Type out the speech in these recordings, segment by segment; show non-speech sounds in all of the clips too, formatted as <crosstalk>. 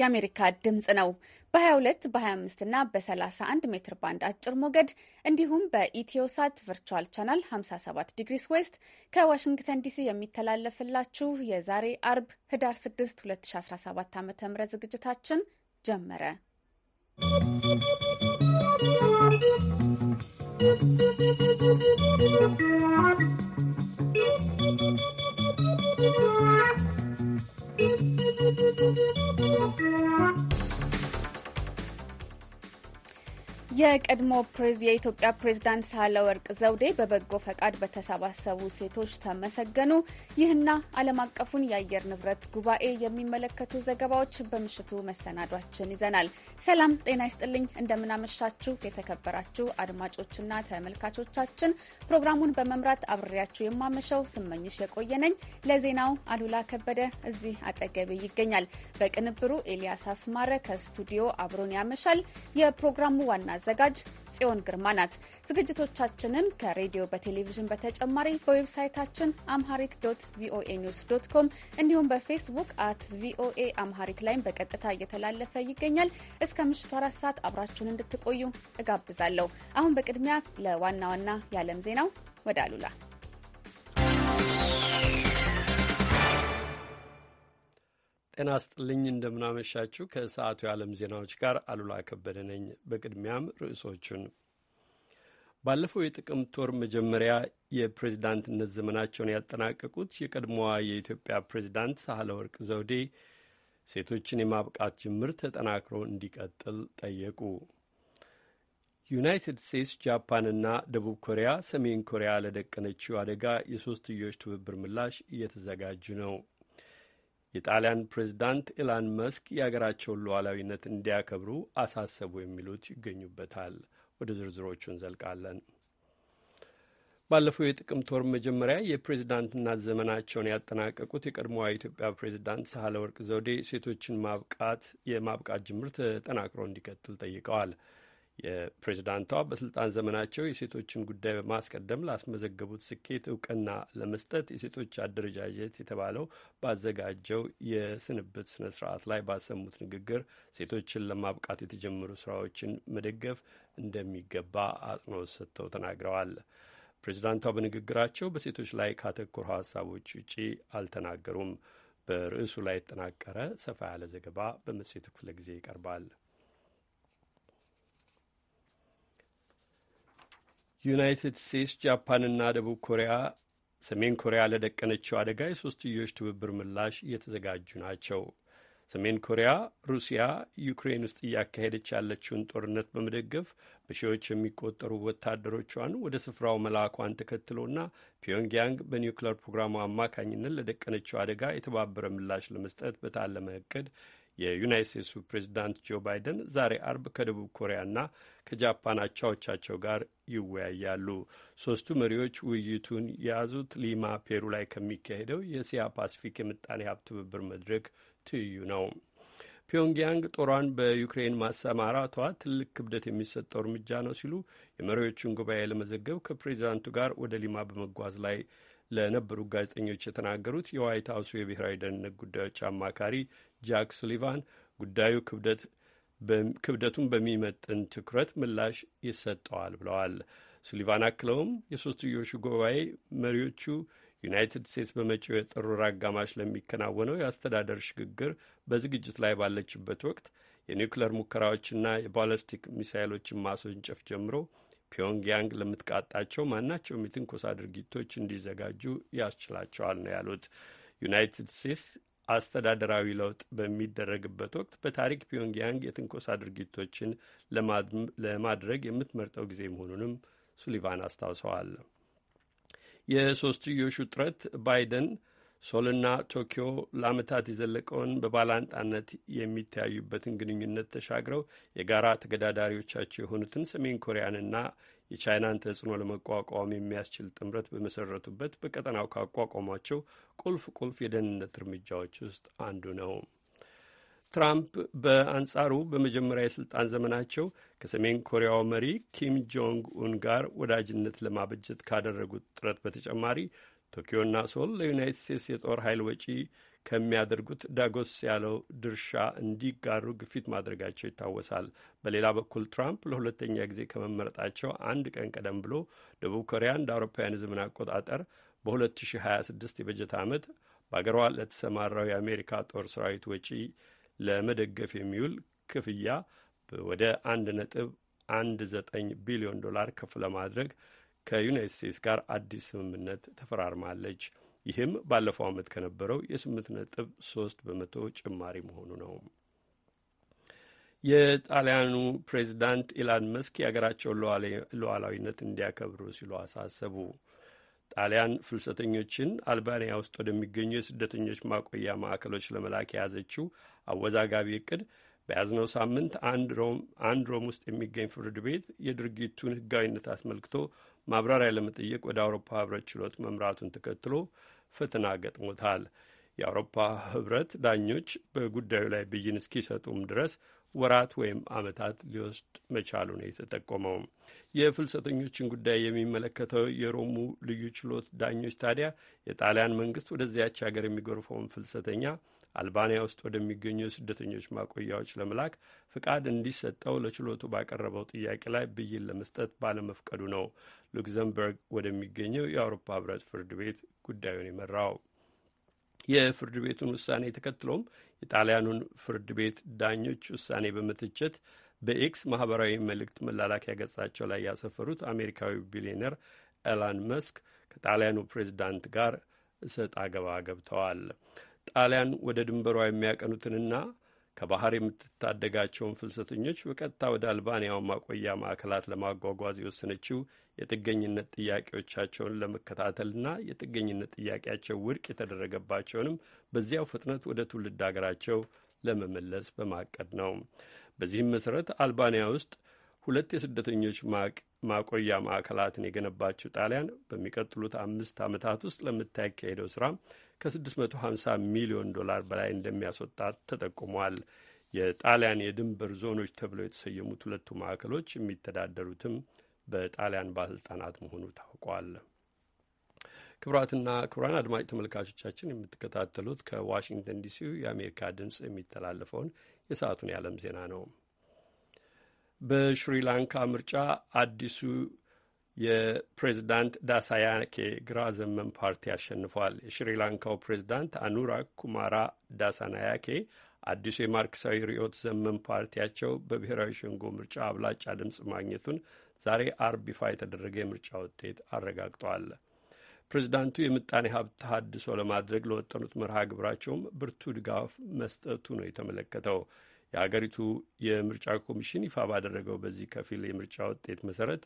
የአሜሪካ ድምፅ ነው። በ22 በ25 እና በ31 ሜትር ባንድ አጭር ሞገድ እንዲሁም በኢትዮሳት ቨርቹዋል ቻናል 57 ዲግሪስ ዌስት ከዋሽንግተን ዲሲ የሚተላለፍላችሁ የዛሬ አርብ ህዳር 6 2017 ዓ ም ዝግጅታችን ጀመረ። ¶¶ የቀድሞ የኢትዮጵያ ፕሬዝዳንት ሳህለወርቅ ዘውዴ በበጎ ፈቃድ በተሰባሰቡ ሴቶች ተመሰገኑ። ይህና ዓለም አቀፉን የአየር ንብረት ጉባኤ የሚመለከቱ ዘገባዎች በምሽቱ መሰናዷችን ይዘናል። ሰላም ጤና ይስጥልኝ፣ እንደምናመሻችሁ የተከበራችሁ አድማጮችና ተመልካቾቻችን። ፕሮግራሙን በመምራት አብሬያችሁ የማመሸው ስመኝሽ የቆየነኝ። ለዜናው አሉላ ከበደ እዚህ አጠገቤ ይገኛል። በቅንብሩ ኤልያስ አስማረ ከስቱዲዮ አብሮን ያመሻል። የፕሮግራሙ ዋና አዘጋጅ ጽዮን ግርማ ናት። ዝግጅቶቻችንን ከሬዲዮ በቴሌቪዥን በተጨማሪ በዌብሳይታችን አምሃሪክ ዶት ቪኦኤ ኒውስ ዶት ኮም እንዲሁም በፌስቡክ አት ቪኦኤ አምሃሪክ ላይም በቀጥታ እየተላለፈ ይገኛል። እስከ ምሽቱ አራት ሰዓት አብራችሁን እንድትቆዩ እጋብዛለሁ። አሁን በቅድሚያ ለዋና ዋና የዓለም ዜናው ወደ አሉላ ጤና ስጥልኝ እንደምናመሻችሁ። ከሰዓቱ የዓለም ዜናዎች ጋር አሉላ ከበደ ነኝ። በቅድሚያም ርዕሶቹን። ባለፈው የጥቅምት ወር መጀመሪያ የፕሬዝዳንትነት ዘመናቸውን ያጠናቀቁት የቀድሞዋ የኢትዮጵያ ፕሬዝዳንት ወርቅ ዘውዴ ሴቶችን የማብቃት ጅምር ተጠናክሮ እንዲቀጥል ጠየቁ። ዩናይትድ ስቴትስ፣ ጃፓንና ደቡብ ኮሪያ ሰሜን ኮሪያ ለደቀነችው አደጋ የሶስትዮሽ ትብብር ምላሽ እየተዘጋጁ ነው። የጣሊያን ፕሬዚዳንት ኢላን መስክ የአገራቸውን ሉዓላዊነት እንዲያከብሩ አሳሰቡ የሚሉት ይገኙበታል። ወደ ዝርዝሮቹ እንዘልቃለን። ባለፈው የጥቅምት ወር መጀመሪያ የፕሬዝዳንትነት ዘመናቸውን ያጠናቀቁት የቀድሞዋ የኢትዮጵያ ፕሬዝዳንት ሳህለወርቅ ዘውዴ ሴቶችን ማብቃት የማብቃት ጅምር ተጠናክሮ እንዲቀጥል ጠይቀዋል። የፕሬዚዳንቷ በስልጣን ዘመናቸው የሴቶችን ጉዳይ በማስቀደም ላስመዘገቡት ስኬት እውቅና ለመስጠት የሴቶች አደረጃጀት የተባለው ባዘጋጀው የስንብት ስነ ስርዓት ላይ ባሰሙት ንግግር ሴቶችን ለማብቃት የተጀመሩ ስራዎችን መደገፍ እንደሚገባ አጽንኦት ሰጥተው ተናግረዋል። ፕሬዚዳንቷ በንግግራቸው በሴቶች ላይ ካተኮሩ ሀሳቦች ውጪ አልተናገሩም። በርዕሱ ላይ የተጠናቀረ ሰፋ ያለ ዘገባ በመጽሔቱ ክፍለ ጊዜ ይቀርባል። ዩናይትድ ስቴትስ፣ ጃፓንና ደቡብ ኮሪያ ሰሜን ኮሪያ ለደቀነችው አደጋ የሶስትዮሽ ትብብር ምላሽ እየተዘጋጁ ናቸው። ሰሜን ኮሪያ ሩሲያ ዩክሬን ውስጥ እያካሄደች ያለችውን ጦርነት በመደገፍ በሺዎች የሚቆጠሩ ወታደሮቿን ወደ ስፍራው መላኳን ተከትሎና ፒዮንግያንግ በኒውክሌር ፕሮግራሙ አማካኝነት ለደቀነችው አደጋ የተባበረ ምላሽ ለመስጠት በታለመ እቅድ የዩናይት ስቴትሱ ፕሬዚዳንት ጆ ባይደን ዛሬ አርብ ከደቡብ ኮሪያና ከጃፓን አቻዎቻቸው ጋር ይወያያሉ። ሶስቱ መሪዎች ውይይቱን የያዙት ሊማ ፔሩ ላይ ከሚካሄደው የእስያ ፓሲፊክ የምጣኔ ሀብት ትብብር መድረክ ትይዩ ነው። ፒዮንግያንግ ጦሯን በዩክሬን ማሰማራቷ ትልቅ ክብደት የሚሰጠው እርምጃ ነው ሲሉ የመሪዎቹን ጉባኤ ለመዘገብ ከፕሬዚዳንቱ ጋር ወደ ሊማ በመጓዝ ላይ ለነበሩ ጋዜጠኞች የተናገሩት የዋይት ሀውሱ የብሔራዊ ደህንነት ጉዳዮች አማካሪ ጃክ ሱሊቫን ጉዳዩ ክብደት ክብደቱን በሚመጥን ትኩረት ምላሽ ይሰጠዋል ብለዋል። ሱሊቫን አክለውም የሶስትዮሹ ጉባኤ መሪዎቹ ዩናይትድ ስቴትስ በመጪው የጥር ወር አጋማሽ ለሚከናወነው የአስተዳደር ሽግግር በዝግጅት ላይ ባለችበት ወቅት የኒውክለር ሙከራዎችና የባለስቲክ ሚሳይሎችን ማስወንጨፍ ጀምሮ ፒዮንግያንግ ለምትቃጣቸው ማናቸውም የትንኮሳ ድርጊቶች እንዲዘጋጁ ያስችላቸዋል ነው ያሉት። ዩናይትድ ስቴትስ አስተዳደራዊ ለውጥ በሚደረግበት ወቅት በታሪክ ፒዮንግያንግ የትንኮሳ ድርጊቶችን ለማድረግ የምትመርጠው ጊዜ መሆኑንም ሱሊቫን አስታውሰዋል። የሶስትዮሽ ውጥረት ባይደን ሶልና ቶኪዮ ለዓመታት የዘለቀውን በባላንጣነት የሚተያዩበትን ግንኙነት ተሻግረው የጋራ ተገዳዳሪዎቻቸው የሆኑትን ሰሜን ኮሪያንና የቻይናን ተጽዕኖ ለመቋቋም የሚያስችል ጥምረት በመሰረቱበት በቀጠናው ካቋቋሟቸው ቁልፍ ቁልፍ የደህንነት እርምጃዎች ውስጥ አንዱ ነው። ትራምፕ በአንጻሩ በመጀመሪያ የስልጣን ዘመናቸው ከሰሜን ኮሪያው መሪ ኪም ጆንግ ኡን ጋር ወዳጅነት ለማበጀት ካደረጉት ጥረት በተጨማሪ ቶኪዮና ሶል ለዩናይትድ ስቴትስ የጦር ኃይል ወጪ ከሚያደርጉት ዳጎስ ያለው ድርሻ እንዲጋሩ ግፊት ማድረጋቸው ይታወሳል። በሌላ በኩል ትራምፕ ለሁለተኛ ጊዜ ከመመረጣቸው አንድ ቀን ቀደም ብሎ ደቡብ ኮሪያ እንደ አውሮፓውያን ዘመን አቆጣጠር በ2026 የበጀት ዓመት በአገሯ ለተሰማራው የአሜሪካ ጦር ሰራዊት ወጪ ለመደገፍ የሚውል ክፍያ ወደ አንድ ነጥብ አንድ ዘጠኝ ቢሊዮን ዶላር ከፍ ለማድረግ ከዩናይት ስቴትስ ጋር አዲስ ስምምነት ተፈራርማለች። ይህም ባለፈው ዓመት ከነበረው የስምንት ነጥብ ሶስት በመቶ ጭማሪ መሆኑ ነው። የጣሊያኑ ፕሬዚዳንት ኢላን መስክ የሀገራቸውን ሉዓላዊነት እንዲያከብሩ ሲሉ አሳሰቡ። ጣሊያን ፍልሰተኞችን አልባንያ ውስጥ ወደሚገኙ የስደተኞች ማቆያ ማዕከሎች ለመላክ የያዘችው አወዛጋቢ እቅድ በያዝነው ሳምንት አንድ ሮም ውስጥ የሚገኝ ፍርድ ቤት የድርጊቱን ሕጋዊነት አስመልክቶ ማብራሪያ ለመጠየቅ ወደ አውሮፓ ሕብረት ችሎት መምራቱን ተከትሎ ፈተና ገጥሞታል። የአውሮፓ ህብረት ዳኞች በጉዳዩ ላይ ብይን እስኪሰጡም ድረስ ወራት ወይም ዓመታት ሊወስድ መቻሉ ነው የተጠቆመው። የፍልሰተኞችን ጉዳይ የሚመለከተው የሮሙ ልዩ ችሎት ዳኞች ታዲያ የጣሊያን መንግስት ወደዚያች ሀገር የሚጎርፈውን ፍልሰተኛ አልባንያ ውስጥ ወደሚገኙ ስደተኞች ማቆያዎች ለመላክ ፍቃድ እንዲሰጠው ለችሎቱ ባቀረበው ጥያቄ ላይ ብይን ለመስጠት ባለመፍቀዱ ነው ሉክዘምበርግ ወደሚገኘው የአውሮፓ ህብረት ፍርድ ቤት ጉዳዩን የመራው። የፍርድ ቤቱን ውሳኔ ተከትሎም የጣሊያኑን ፍርድ ቤት ዳኞች ውሳኔ በመተቸት በኤክስ ማህበራዊ መልእክት መላላኪያ ገጻቸው ላይ ያሰፈሩት አሜሪካዊ ቢሊዮነር ኤላን መስክ ከጣሊያኑ ፕሬዚዳንት ጋር እሰጥ አገባ ገብተዋል። ጣሊያን ወደ ድንበሯ የሚያቀኑትንና ከባህር የምትታደጋቸውን ፍልሰተኞች በቀጥታ ወደ አልባንያው ማቆያ ማዕከላት ለማጓጓዝ የወሰነችው የጥገኝነት ጥያቄዎቻቸውን ለመከታተልና የጥገኝነት ጥያቄያቸው ውድቅ የተደረገባቸውንም በዚያው ፍጥነት ወደ ትውልድ አገራቸው ለመመለስ በማቀድ ነው። በዚህም መሰረት አልባንያ ውስጥ ሁለት የስደተኞች ማቆያ ማዕከላትን የገነባችው ጣሊያን በሚቀጥሉት አምስት ዓመታት ውስጥ ለምታካሄደው ስራ ከ650 ሚሊዮን ዶላር በላይ እንደሚያስወጣት ተጠቁሟል። የጣሊያን የድንበር ዞኖች ተብለው የተሰየሙት ሁለቱ ማዕከሎች የሚተዳደሩትም በጣሊያን ባለስልጣናት መሆኑ ታውቋል። ክቡራትና ክቡራን አድማጭ ተመልካቾቻችን የምትከታተሉት ከዋሽንግተን ዲሲው የአሜሪካ ድምፅ የሚተላለፈውን የሰዓቱን የዓለም ዜና ነው። በሽሪላንካ ምርጫ አዲሱ የፕሬዚዳንት ዳሳያኬ ግራ ዘመን ፓርቲ አሸንፏል። የሽሪላንካው ፕሬዚዳንት አኑራ ኩማራ ዳሳናያኬ አዲሱ የማርክሳዊ ርዕዮት ዘመን ፓርቲያቸው በብሔራዊ ሸንጎ ምርጫ አብላጫ ድምፅ ማግኘቱን ዛሬ አርብ ይፋ የተደረገ የምርጫ ውጤት አረጋግጠዋል። ፕሬዚዳንቱ የምጣኔ ሀብት ተሀድሶ ለማድረግ ለወጠኑት መርሃ ግብራቸውም ብርቱ ድጋፍ መስጠቱ ነው የተመለከተው። የአገሪቱ የምርጫ ኮሚሽን ይፋ ባደረገው በዚህ ከፊል የምርጫ ውጤት መሰረት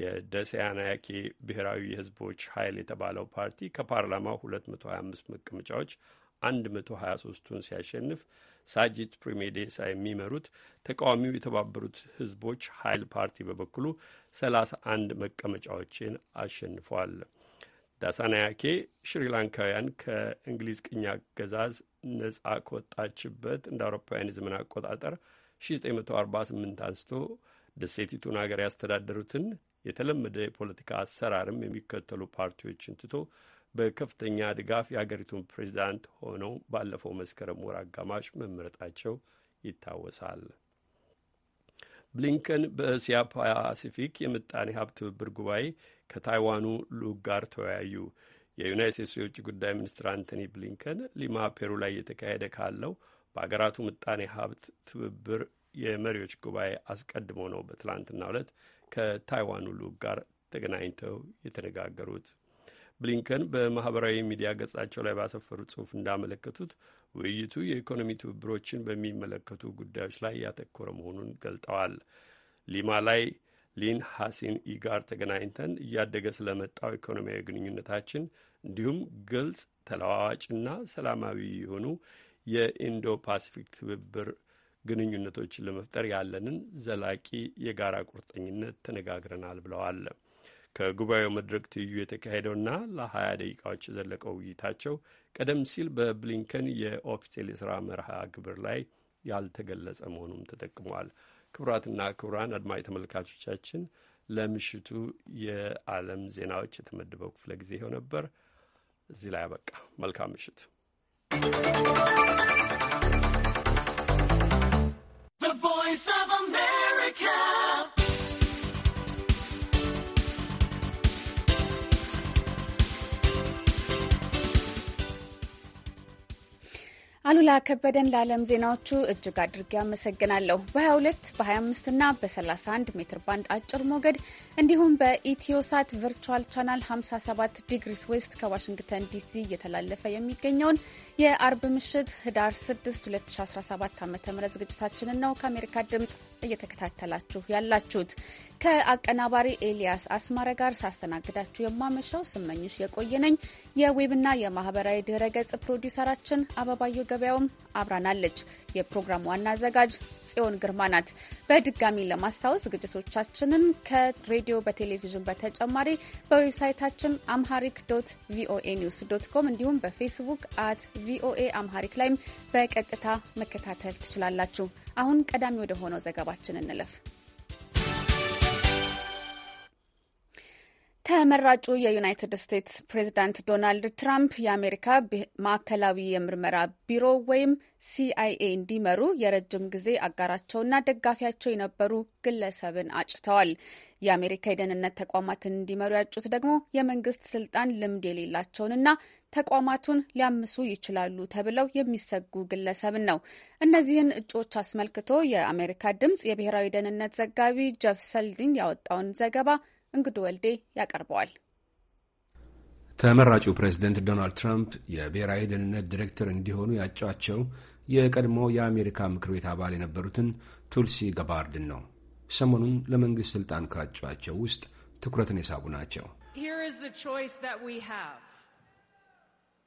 የደሴያናያኬ ብሔራዊ የህዝቦች ኃይል የተባለው ፓርቲ ከፓርላማው 225 መቀመጫዎች 123ቱን ሲያሸንፍ ሳጂት ፕሪሜዴሳ የሚመሩት ተቃዋሚው የተባበሩት ህዝቦች ኃይል ፓርቲ በበኩሉ 31 መቀመጫዎችን አሸንፏል። ዳሳናያኬ ሽሪላንካውያን ከእንግሊዝ ቅኝ አገዛዝ ነጻ ከወጣችበት እንደ አውሮፓውያን የዘመን አቆጣጠር 1948 አንስቶ ደሴቲቱን ሀገር ያስተዳደሩትን የተለመደ የፖለቲካ አሰራርም የሚከተሉ ፓርቲዎችን ትቶ በከፍተኛ ድጋፍ የአገሪቱን ፕሬዚዳንት ሆነው ባለፈው መስከረም ወር አጋማሽ መመረጣቸው ይታወሳል። ብሊንከን በእስያ ፓሲፊክ የምጣኔ ሀብት ትብብር ጉባኤ ከታይዋኑ ልዑክ ጋር ተወያዩ። የዩናይት ስቴትስ የውጭ ጉዳይ ሚኒስትር አንቶኒ ብሊንከን ሊማ ፔሩ ላይ እየተካሄደ ካለው በአገራቱ ምጣኔ ሀብት ትብብር የመሪዎች ጉባኤ አስቀድሞ ነው በትላንትና ዕለት ከታይዋን ሁሉ ጋር ተገናኝተው የተነጋገሩት። ብሊንከን በማህበራዊ ሚዲያ ገጻቸው ላይ ባሰፈሩ ጽሑፍ እንዳመለከቱት ውይይቱ የኢኮኖሚ ትብብሮችን በሚመለከቱ ጉዳዮች ላይ ያተኮረ መሆኑን ገልጠዋል። ሊማ ላይ ሊን ሐሲን ኢጋር ተገናኝተን እያደገ ስለመጣው ኢኮኖሚያዊ ግንኙነታችን እንዲሁም ግልጽ ተለዋዋጭና ሰላማዊ የሆኑ የኢንዶ ፓሲፊክ ትብብር ግንኙነቶችን ለመፍጠር ያለንን ዘላቂ የጋራ ቁርጠኝነት ተነጋግረናል ብለዋል። ከጉባኤው መድረክ ትይዩ የተካሄደውና ለሀያ ደቂቃዎች የዘለቀው ውይይታቸው ቀደም ሲል በብሊንከን የኦፊሴል የስራ መርሃ ግብር ላይ ያልተገለጸ መሆኑም ተጠቅሟል። ክቡራትና ክቡራን አድማጭ ተመልካቾቻችን ለምሽቱ የዓለም ዜናዎች የተመደበው ክፍለ ጊዜ ይኸው ነበር። እዚህ ላይ አበቃ። መልካም ምሽት። Voice of America. አሉላ ከበደን ለዓለም ዜናዎቹ እጅግ አድርጌ አመሰግናለሁ። በ22 በ25 እና በ31 ሜትር ባንድ አጭር ሞገድ እንዲሁም በኢትዮሳት ቨርቹዋል ቻናል 57 ዲግሪስ ዌስት ከዋሽንግተን ዲሲ እየተላለፈ የሚገኘውን የአርብ ምሽት ህዳር 6 2017 ዓ ም ዝግጅታችንን ነው ከአሜሪካ ድምጽ እየተከታተላችሁ ያላችሁት። ከአቀናባሪ ኤልያስ አስማረ ጋር ሳስተናግዳችሁ የማመሻው ስመኝሽ የቆየነኝ የዌብና የማህበራዊ ድረ ገጽ ፕሮዲውሰራችን አበባየው ገበያውም አብራናለች። የፕሮግራም ዋና አዘጋጅ ጽዮን ግርማ ናት። በድጋሚ ለማስታወስ ዝግጅቶቻችንን ከሬዲዮ በቴሌቪዥን በተጨማሪ በዌብሳይታችን አምሃሪክ ዶት ቪኦኤ ኒውስ ዶት ኮም እንዲሁም በፌስቡክ አት ቪኦኤ አምሃሪክ ላይም በቀጥታ መከታተል ትችላላችሁ። አሁን ቀዳሚ ወደ ሆነው ዘገባችን እንለፍ። ተመራጩ የዩናይትድ ስቴትስ ፕሬዚዳንት ዶናልድ ትራምፕ የአሜሪካ ማዕከላዊ የምርመራ ቢሮ ወይም ሲአይኤ እንዲመሩ የረጅም ጊዜ አጋራቸውና ደጋፊያቸው የነበሩ ግለሰብን አጭተዋል። የአሜሪካ የደህንነት ተቋማትን እንዲመሩ ያጩት ደግሞ የመንግስት ስልጣን ልምድ የሌላቸውንና ተቋማቱን ሊያምሱ ይችላሉ ተብለው የሚሰጉ ግለሰብን ነው። እነዚህን እጩዎች አስመልክቶ የአሜሪካ ድምጽ የብሔራዊ ደህንነት ዘጋቢ ጀፍ ሰልዲን ያወጣውን ዘገባ እንግዱ ወልዴ ያቀርበዋል። ተመራጩ ፕሬዝደንት ዶናልድ ትራምፕ የብሔራዊ ደህንነት ዲሬክተር እንዲሆኑ ያጯቸው የቀድሞ የአሜሪካ ምክር ቤት አባል የነበሩትን ቱልሲ ገባርድን ነው። ሰሞኑን ለመንግሥት ሥልጣን ካጯቸው ውስጥ ትኩረትን የሳቡ ናቸው።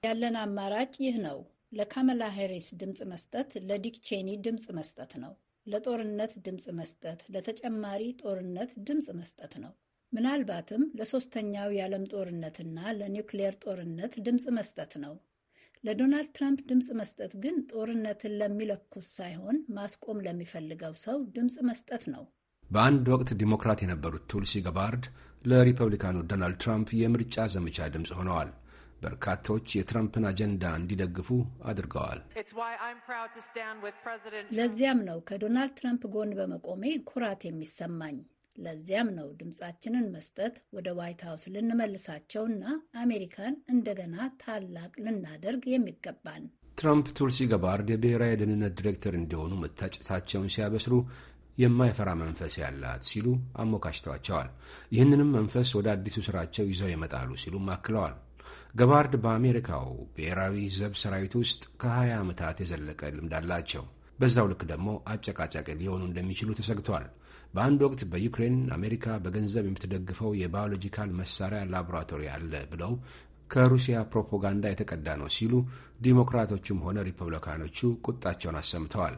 ያለን አማራጭ ይህ ነው። ለካመላ ሄሪስ ድምፅ መስጠት ለዲክ ቼኒ ድምፅ መስጠት ነው። ለጦርነት ድምፅ መስጠት፣ ለተጨማሪ ጦርነት ድምፅ መስጠት ነው። ምናልባትም ለሶስተኛው የዓለም ጦርነትና ለኒውክሌር ጦርነት ድምፅ መስጠት ነው። ለዶናልድ ትራምፕ ድምፅ መስጠት ግን ጦርነትን ለሚለኩስ ሳይሆን ማስቆም ለሚፈልገው ሰው ድምፅ መስጠት ነው። በአንድ ወቅት ዲሞክራት የነበሩት ቱልሲ ገባርድ ለሪፐብሊካኑ ዶናልድ ትራምፕ የምርጫ ዘመቻ ድምፅ ሆነዋል። በርካቶች የትራምፕን አጀንዳ እንዲደግፉ አድርገዋል። ለዚያም ነው ከዶናልድ ትራምፕ ጎን በመቆሜ ኩራት የሚሰማኝ ለዚያም ነው ድምፃችንን መስጠት ወደ ዋይት ሀውስ ና አሜሪካን እንደገና ታላቅ ልናደርግ የሚገባን። ትራምፕ ቱልሲ ገባርድ የብሔራዊ ደህንነት ዲሬክተር እንዲሆኑ መታጨታቸውን ሲያበስሩ የማይፈራ መንፈስ ያላት ሲሉ አሞካሽተዋቸዋል። ይህንንም መንፈስ ወደ አዲሱ ስራቸው ይዘው ይመጣሉ ሲሉም አክለዋል። ገባርድ በአሜሪካው ብሔራዊ ዘብ ሰራዊት ውስጥ ከ20 ዓመታት የዘለቀ ልምድ አላቸው። በዛው ልክ ደግሞ አጨቃጫቂ ሊሆኑ እንደሚችሉ ተሰግተዋል። በአንድ ወቅት በዩክሬን አሜሪካ በገንዘብ የምትደግፈው የባዮሎጂካል መሳሪያ ላቦራቶሪ አለ ብለው ከሩሲያ ፕሮፓጋንዳ የተቀዳ ነው ሲሉ ዲሞክራቶቹም ሆነ ሪፐብሊካኖቹ ቁጣቸውን አሰምተዋል።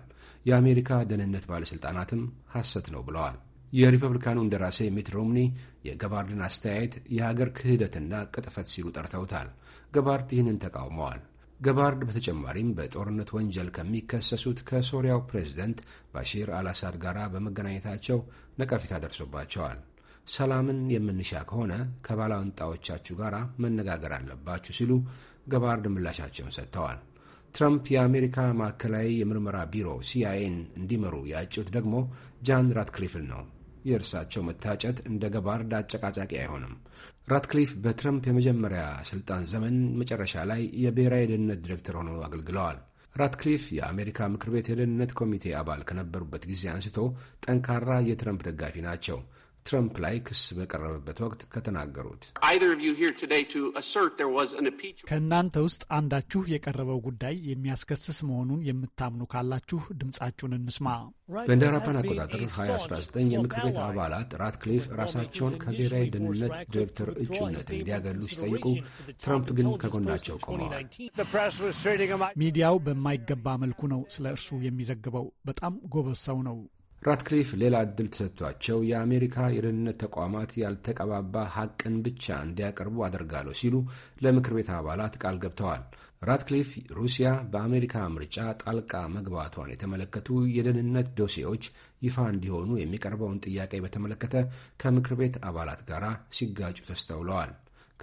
የአሜሪካ ደህንነት ባለሥልጣናትም ሐሰት ነው ብለዋል። የሪፐብሊካኑ እንደራሴ ሚት ሮምኒ የገባርድን አስተያየት የሀገር ክህደትና ቅጥፈት ሲሉ ጠርተውታል። ገባርድ ይህንን ተቃውመዋል። ገባርድ በተጨማሪም በጦርነት ወንጀል ከሚከሰሱት ከሶሪያው ፕሬዝደንት ባሺር አልአሳድ ጋር በመገናኘታቸው ነቀፌታ ደርሶባቸዋል። ሰላምን የምንሻ ከሆነ ከባላንጣዎቻችሁ ጋር መነጋገር አለባችሁ ሲሉ ገባርድ ምላሻቸውን ሰጥተዋል። ትራምፕ የአሜሪካ ማዕከላዊ የምርመራ ቢሮ ሲአይኤን እንዲመሩ ያጩት ደግሞ ጃን ራትክሊፍን ነው። የእርሳቸው መታጨት እንደ ገባርድ አጨቃጫቂ አይሆንም። ራትክሊፍ በትረምፕ የመጀመሪያ ሥልጣን ዘመን መጨረሻ ላይ የብሔራዊ የደህንነት ዲሬክተር ሆነው አገልግለዋል። ራትክሊፍ የአሜሪካ ምክር ቤት የደህንነት ኮሚቴ አባል ከነበሩበት ጊዜ አንስቶ ጠንካራ የትረምፕ ደጋፊ ናቸው። ትረምፕ ላይ ክስ በቀረበበት ወቅት ከተናገሩት ከእናንተ ውስጥ አንዳችሁ የቀረበው ጉዳይ የሚያስከስስ መሆኑን የምታምኑ ካላችሁ ድምፃችሁን እንስማ። በእንደ አውሮፓውያን አቆጣጠር 2019 የምክር ቤት አባላት ራትክሊፍ ራሳቸውን ከብሔራዊ ደህንነት ዲሬክተር እጩነት እንዲያገሉ ሲጠይቁ ትራምፕ ግን ከጎናቸው ቆመዋል። ሚዲያው በማይገባ መልኩ ነው ስለ እርሱ የሚዘግበው። በጣም ጎበዝ ሰው ነው። ራትክሊፍ ሌላ ዕድል ተሰጥቷቸው የአሜሪካ የደህንነት ተቋማት ያልተቀባባ ሐቅን ብቻ እንዲያቀርቡ አደርጋለሁ ሲሉ ለምክር ቤት አባላት ቃል ገብተዋል። ራትክሊፍ ሩሲያ በአሜሪካ ምርጫ ጣልቃ መግባቷን የተመለከቱ የደህንነት ዶሴዎች ይፋ እንዲሆኑ የሚቀርበውን ጥያቄ በተመለከተ ከምክር ቤት አባላት ጋር ሲጋጩ ተስተውለዋል።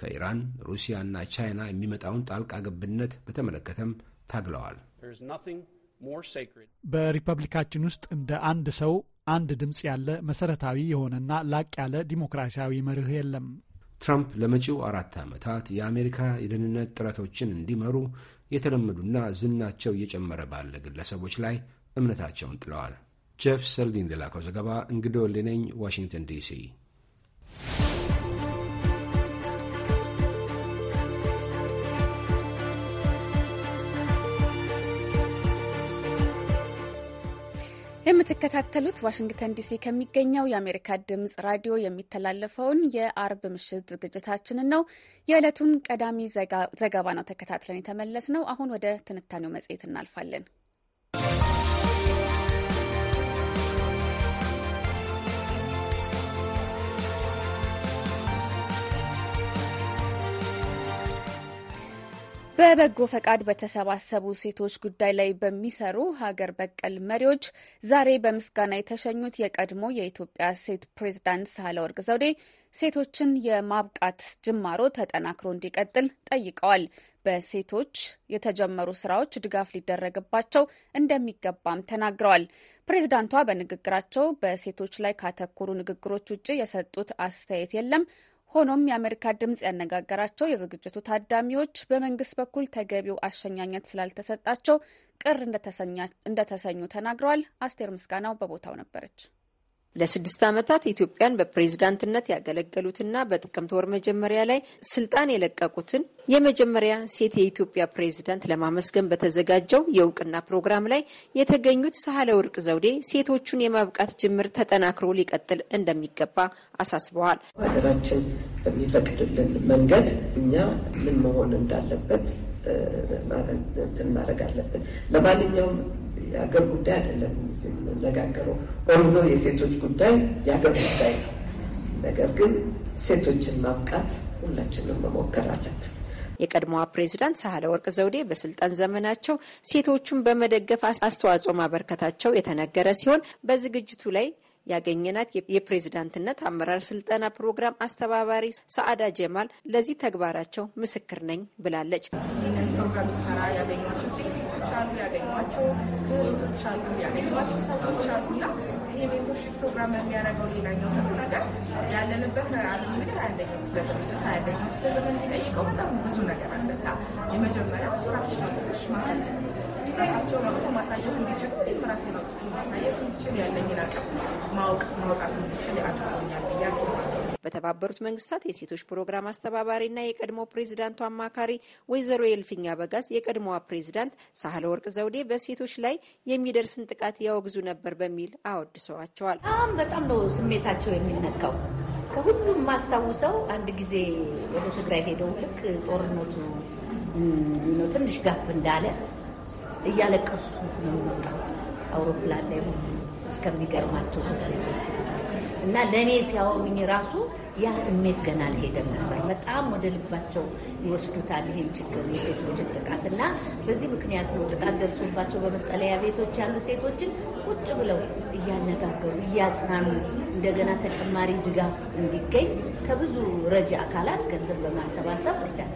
ከኢራን ሩሲያና ቻይና የሚመጣውን ጣልቃ ገብነት በተመለከተም ታግለዋል። በሪፐብሊካችን ውስጥ እንደ አንድ ሰው አንድ ድምፅ ያለ መሰረታዊ የሆነና ላቅ ያለ ዲሞክራሲያዊ መርህ የለም። ትራምፕ ለመጪው አራት ዓመታት የአሜሪካ የደህንነት ጥረቶችን እንዲመሩ የተለመዱና ዝናቸው እየጨመረ ባለ ግለሰቦች ላይ እምነታቸውን ጥለዋል። ጄፍ ሰልዲን ለላከው ዘገባ እንግዶ ሌነኝ ዋሽንግተን ዲሲ የምትከታተሉት ዋሽንግተን ዲሲ ከሚገኘው የአሜሪካ ድምፅ ራዲዮ የሚተላለፈውን የአርብ ምሽት ዝግጅታችንን ነው። የዕለቱን ቀዳሚ ዘገባ ነው ተከታትለን የተመለስ ነው። አሁን ወደ ትንታኔው መጽሔት እናልፋለን። በበጎ ፈቃድ በተሰባሰቡ ሴቶች ጉዳይ ላይ በሚሰሩ ሀገር በቀል መሪዎች ዛሬ በምስጋና የተሸኙት የቀድሞ የኢትዮጵያ ሴት ፕሬዝዳንት ሳህለወርቅ ዘውዴ ሴቶችን የማብቃት ጅማሮ ተጠናክሮ እንዲቀጥል ጠይቀዋል። በሴቶች የተጀመሩ ስራዎች ድጋፍ ሊደረግባቸው እንደሚገባም ተናግረዋል። ፕሬዝዳንቷ በንግግራቸው በሴቶች ላይ ካተኮሩ ንግግሮች ውጭ የሰጡት አስተያየት የለም። ሆኖም የአሜሪካ ድምጽ ያነጋገራቸው የዝግጅቱ ታዳሚዎች በመንግስት በኩል ተገቢው አሸኛኘት ስላልተሰጣቸው ቅር እንደተሰኙ ተናግረዋል። አስቴር ምስጋናው በቦታው ነበረች። ለስድስት ዓመታት ኢትዮጵያን በፕሬዝዳንትነት ያገለገሉትና በጥቅምት ወር መጀመሪያ ላይ ስልጣን የለቀቁትን የመጀመሪያ ሴት የኢትዮጵያ ፕሬዝዳንት ለማመስገን በተዘጋጀው የእውቅና ፕሮግራም ላይ የተገኙት ሳህለ ወርቅ ዘውዴ ሴቶቹን የማብቃት ጅምር ተጠናክሮ ሊቀጥል እንደሚገባ አሳስበዋል። ሀገራችን በሚፈቅድልን መንገድ እኛ ምን መሆን እንዳለበት ማድረግ አለብን። ለማንኛውም የሀገር ጉዳይ አይደለም የምንነጋገረው። ኦልዞ የሴቶች ጉዳይ የሀገር ጉዳይ ነው። ነገር ግን ሴቶችን ማብቃት ሁላችንም መሞከር አለብን። የቀድሞዋ ፕሬዚዳንት ሳህለ ወርቅ ዘውዴ በስልጣን ዘመናቸው ሴቶቹን በመደገፍ አስተዋጽኦ ማበርከታቸው የተነገረ ሲሆን በዝግጅቱ ላይ ያገኘናት የፕሬዝዳንትነት አመራር ስልጠና ፕሮግራም አስተባባሪ ሰአዳ ጀማል ለዚህ ተግባራቸው ምስክር ነኝ ብላለች። ይህን ፕሮግራም ስሰራ ያገኘኋቸው ሰዎች አሉ፣ ያገኟቸው ክህሎቶች አሉ፣ ያገኟቸው ሰዎች አሉ እና ይሄ ሜንቶርሺፕ ፕሮግራም የሚያደርገው ሌላኛው ጥሩ ነገር ያለንበት ዓለም እንግዲህ አንደኛው ዘመን አንደኛው ክፍለ ዘመን የሚጠይቀው በጣም ብዙ ነገር አለና የመጀመሪያው ራስሽን አውጥተሽ ማሳየት ራሳቸውን አውጥተው ማሳየት እንዲችሉ ወይም ራሴን አውጥቼ ማሳየት እንዲችል ያለኝን አቅም ማወቅ ማውጣት እንዲችል አድርጎኛል ብዬ አስባለሁ። በተባበሩት መንግስታት የሴቶች ፕሮግራም አስተባባሪና የቀድሞ ፕሬዚዳንቱ አማካሪ ወይዘሮ የልፍኛ በጋዝ የቀድሞዋ ፕሬዚዳንት ሳህለ ወርቅ ዘውዴ በሴቶች ላይ የሚደርስን ጥቃት ያወግዙ ነበር በሚል አወድሰዋቸዋል። በጣም በጣም ነው ስሜታቸው የሚነካው። ከሁሉም ማስታውሰው አንድ ጊዜ ወደ ትግራይ ሄደው ልክ ጦርነቱ ነው ትንሽ ጋፕ እንዳለ እያለቀሱ ነው መጣት አውሮፕላን ላይ ሁሉ እስከሚገርማቸው ሴቶቹ እና ለእኔ ሲያወሩኝ ራሱ ያ ስሜት ገና አልሄደም ነበር። በጣም ወደ ልባቸው ይወስዱታል ይህን ችግር፣ የሴቶችን ጥቃት እና በዚህ ምክንያት ነው ጥቃት ደርሶባቸው በመጠለያ ቤቶች ያሉ ሴቶችን ቁጭ ብለው እያነጋገሩ እያጽናኑ እንደገና ተጨማሪ ድጋፍ እንዲገኝ ከብዙ ረጂ አካላት ገንዘብ በማሰባሰብ እርዳታ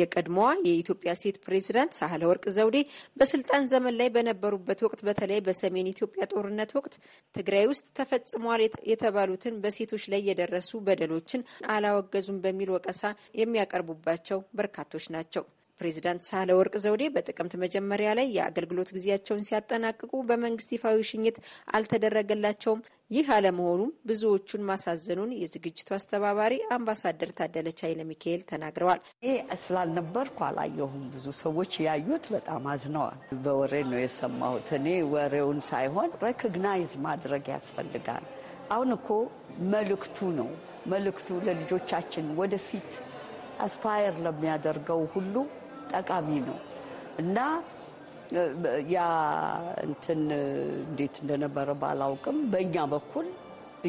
የቀድሞዋ የኢትዮጵያ ሴት ፕሬዚዳንት ሳህለ ወርቅ ዘውዴ በስልጣን ዘመን ላይ በነበሩበት ወቅት በተለይ በሰሜን ኢትዮጵያ ጦርነት ወቅት ትግራይ ውስጥ ተፈጽሟል የተባሉትን በሴቶች ላይ የደረሱ በደሎችን አላወገዙም በሚል ወቀሳ የሚያቀርቡባቸው በርካቶች ናቸው። ፕሬዚዳንት ሳህለ ወርቅ ዘውዴ በጥቅምት መጀመሪያ ላይ የአገልግሎት ጊዜያቸውን ሲያጠናቅቁ በመንግስት ይፋዊ ሽኝት አልተደረገላቸውም። ይህ አለመሆኑም ብዙዎቹን ማሳዘኑን የዝግጅቱ አስተባባሪ አምባሳደር ታደለች ኃይለ ሚካኤል ተናግረዋል። ይህ ስላልነበርኩ አላየሁም። ብዙ ሰዎች ያዩት በጣም አዝነዋል። በወሬ ነው የሰማሁት። እኔ ወሬውን ሳይሆን ሬኮግናይዝ ማድረግ ያስፈልጋል። አሁን እኮ መልእክቱ ነው መልእክቱ ለልጆቻችን ወደፊት አስፓየር ለሚያደርገው ሁሉ ጠቃሚ ነው እና ያ እንትን እንዴት እንደነበረ ባላውቅም በእኛ በኩል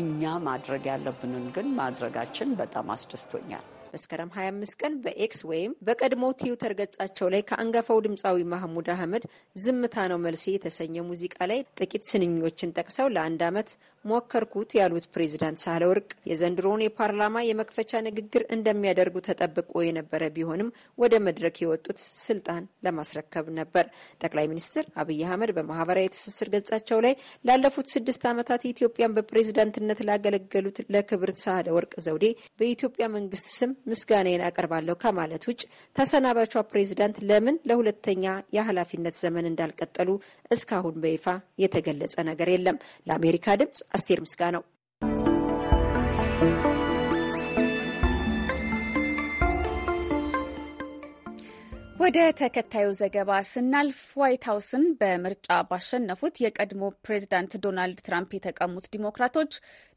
እኛ ማድረግ ያለብንን ግን ማድረጋችን በጣም አስደስቶኛል። መስከረም 25 ቀን በኤክስ ወይም በቀድሞ ትዊተር ገጻቸው ላይ ከአንጋፋው ድምፃዊ ማህሙድ አህመድ ዝምታ ነው መልሴ የተሰኘ ሙዚቃ ላይ ጥቂት ስንኞችን ጠቅሰው ለአንድ ዓመት ሞከርኩት ያሉት ፕሬዚዳንት ሳህለወርቅ የዘንድሮውን የፓርላማ የመክፈቻ ንግግር እንደሚያደርጉ ተጠብቆ የነበረ ቢሆንም ወደ መድረክ የወጡት ስልጣን ለማስረከብ ነበር። ጠቅላይ ሚኒስትር አብይ አህመድ በማህበራዊ ትስስር ገጻቸው ላይ ላለፉት ስድስት ዓመታት ኢትዮጵያን በፕሬዚዳንትነት ላገለገሉት ለክብርት ሳህለወርቅ ዘውዴ በኢትዮጵያ መንግስት ስም ምስጋናዬን አቀርባለሁ ከማለት ውጭ ተሰናባቿ ፕሬዚዳንት ለምን ለሁለተኛ የኃላፊነት ዘመን እንዳልቀጠሉ እስካሁን በይፋ የተገለጸ ነገር የለም። ለአሜሪካ ድምጽ አስቴር ነው። ወደ ተከታዩ ዘገባ ስናልፍ ዋይት ሀውስን በምርጫ ባሸነፉት የቀድሞ ፕሬዚዳንት ዶናልድ ትራምፕ የተቀሙት ዲሞክራቶች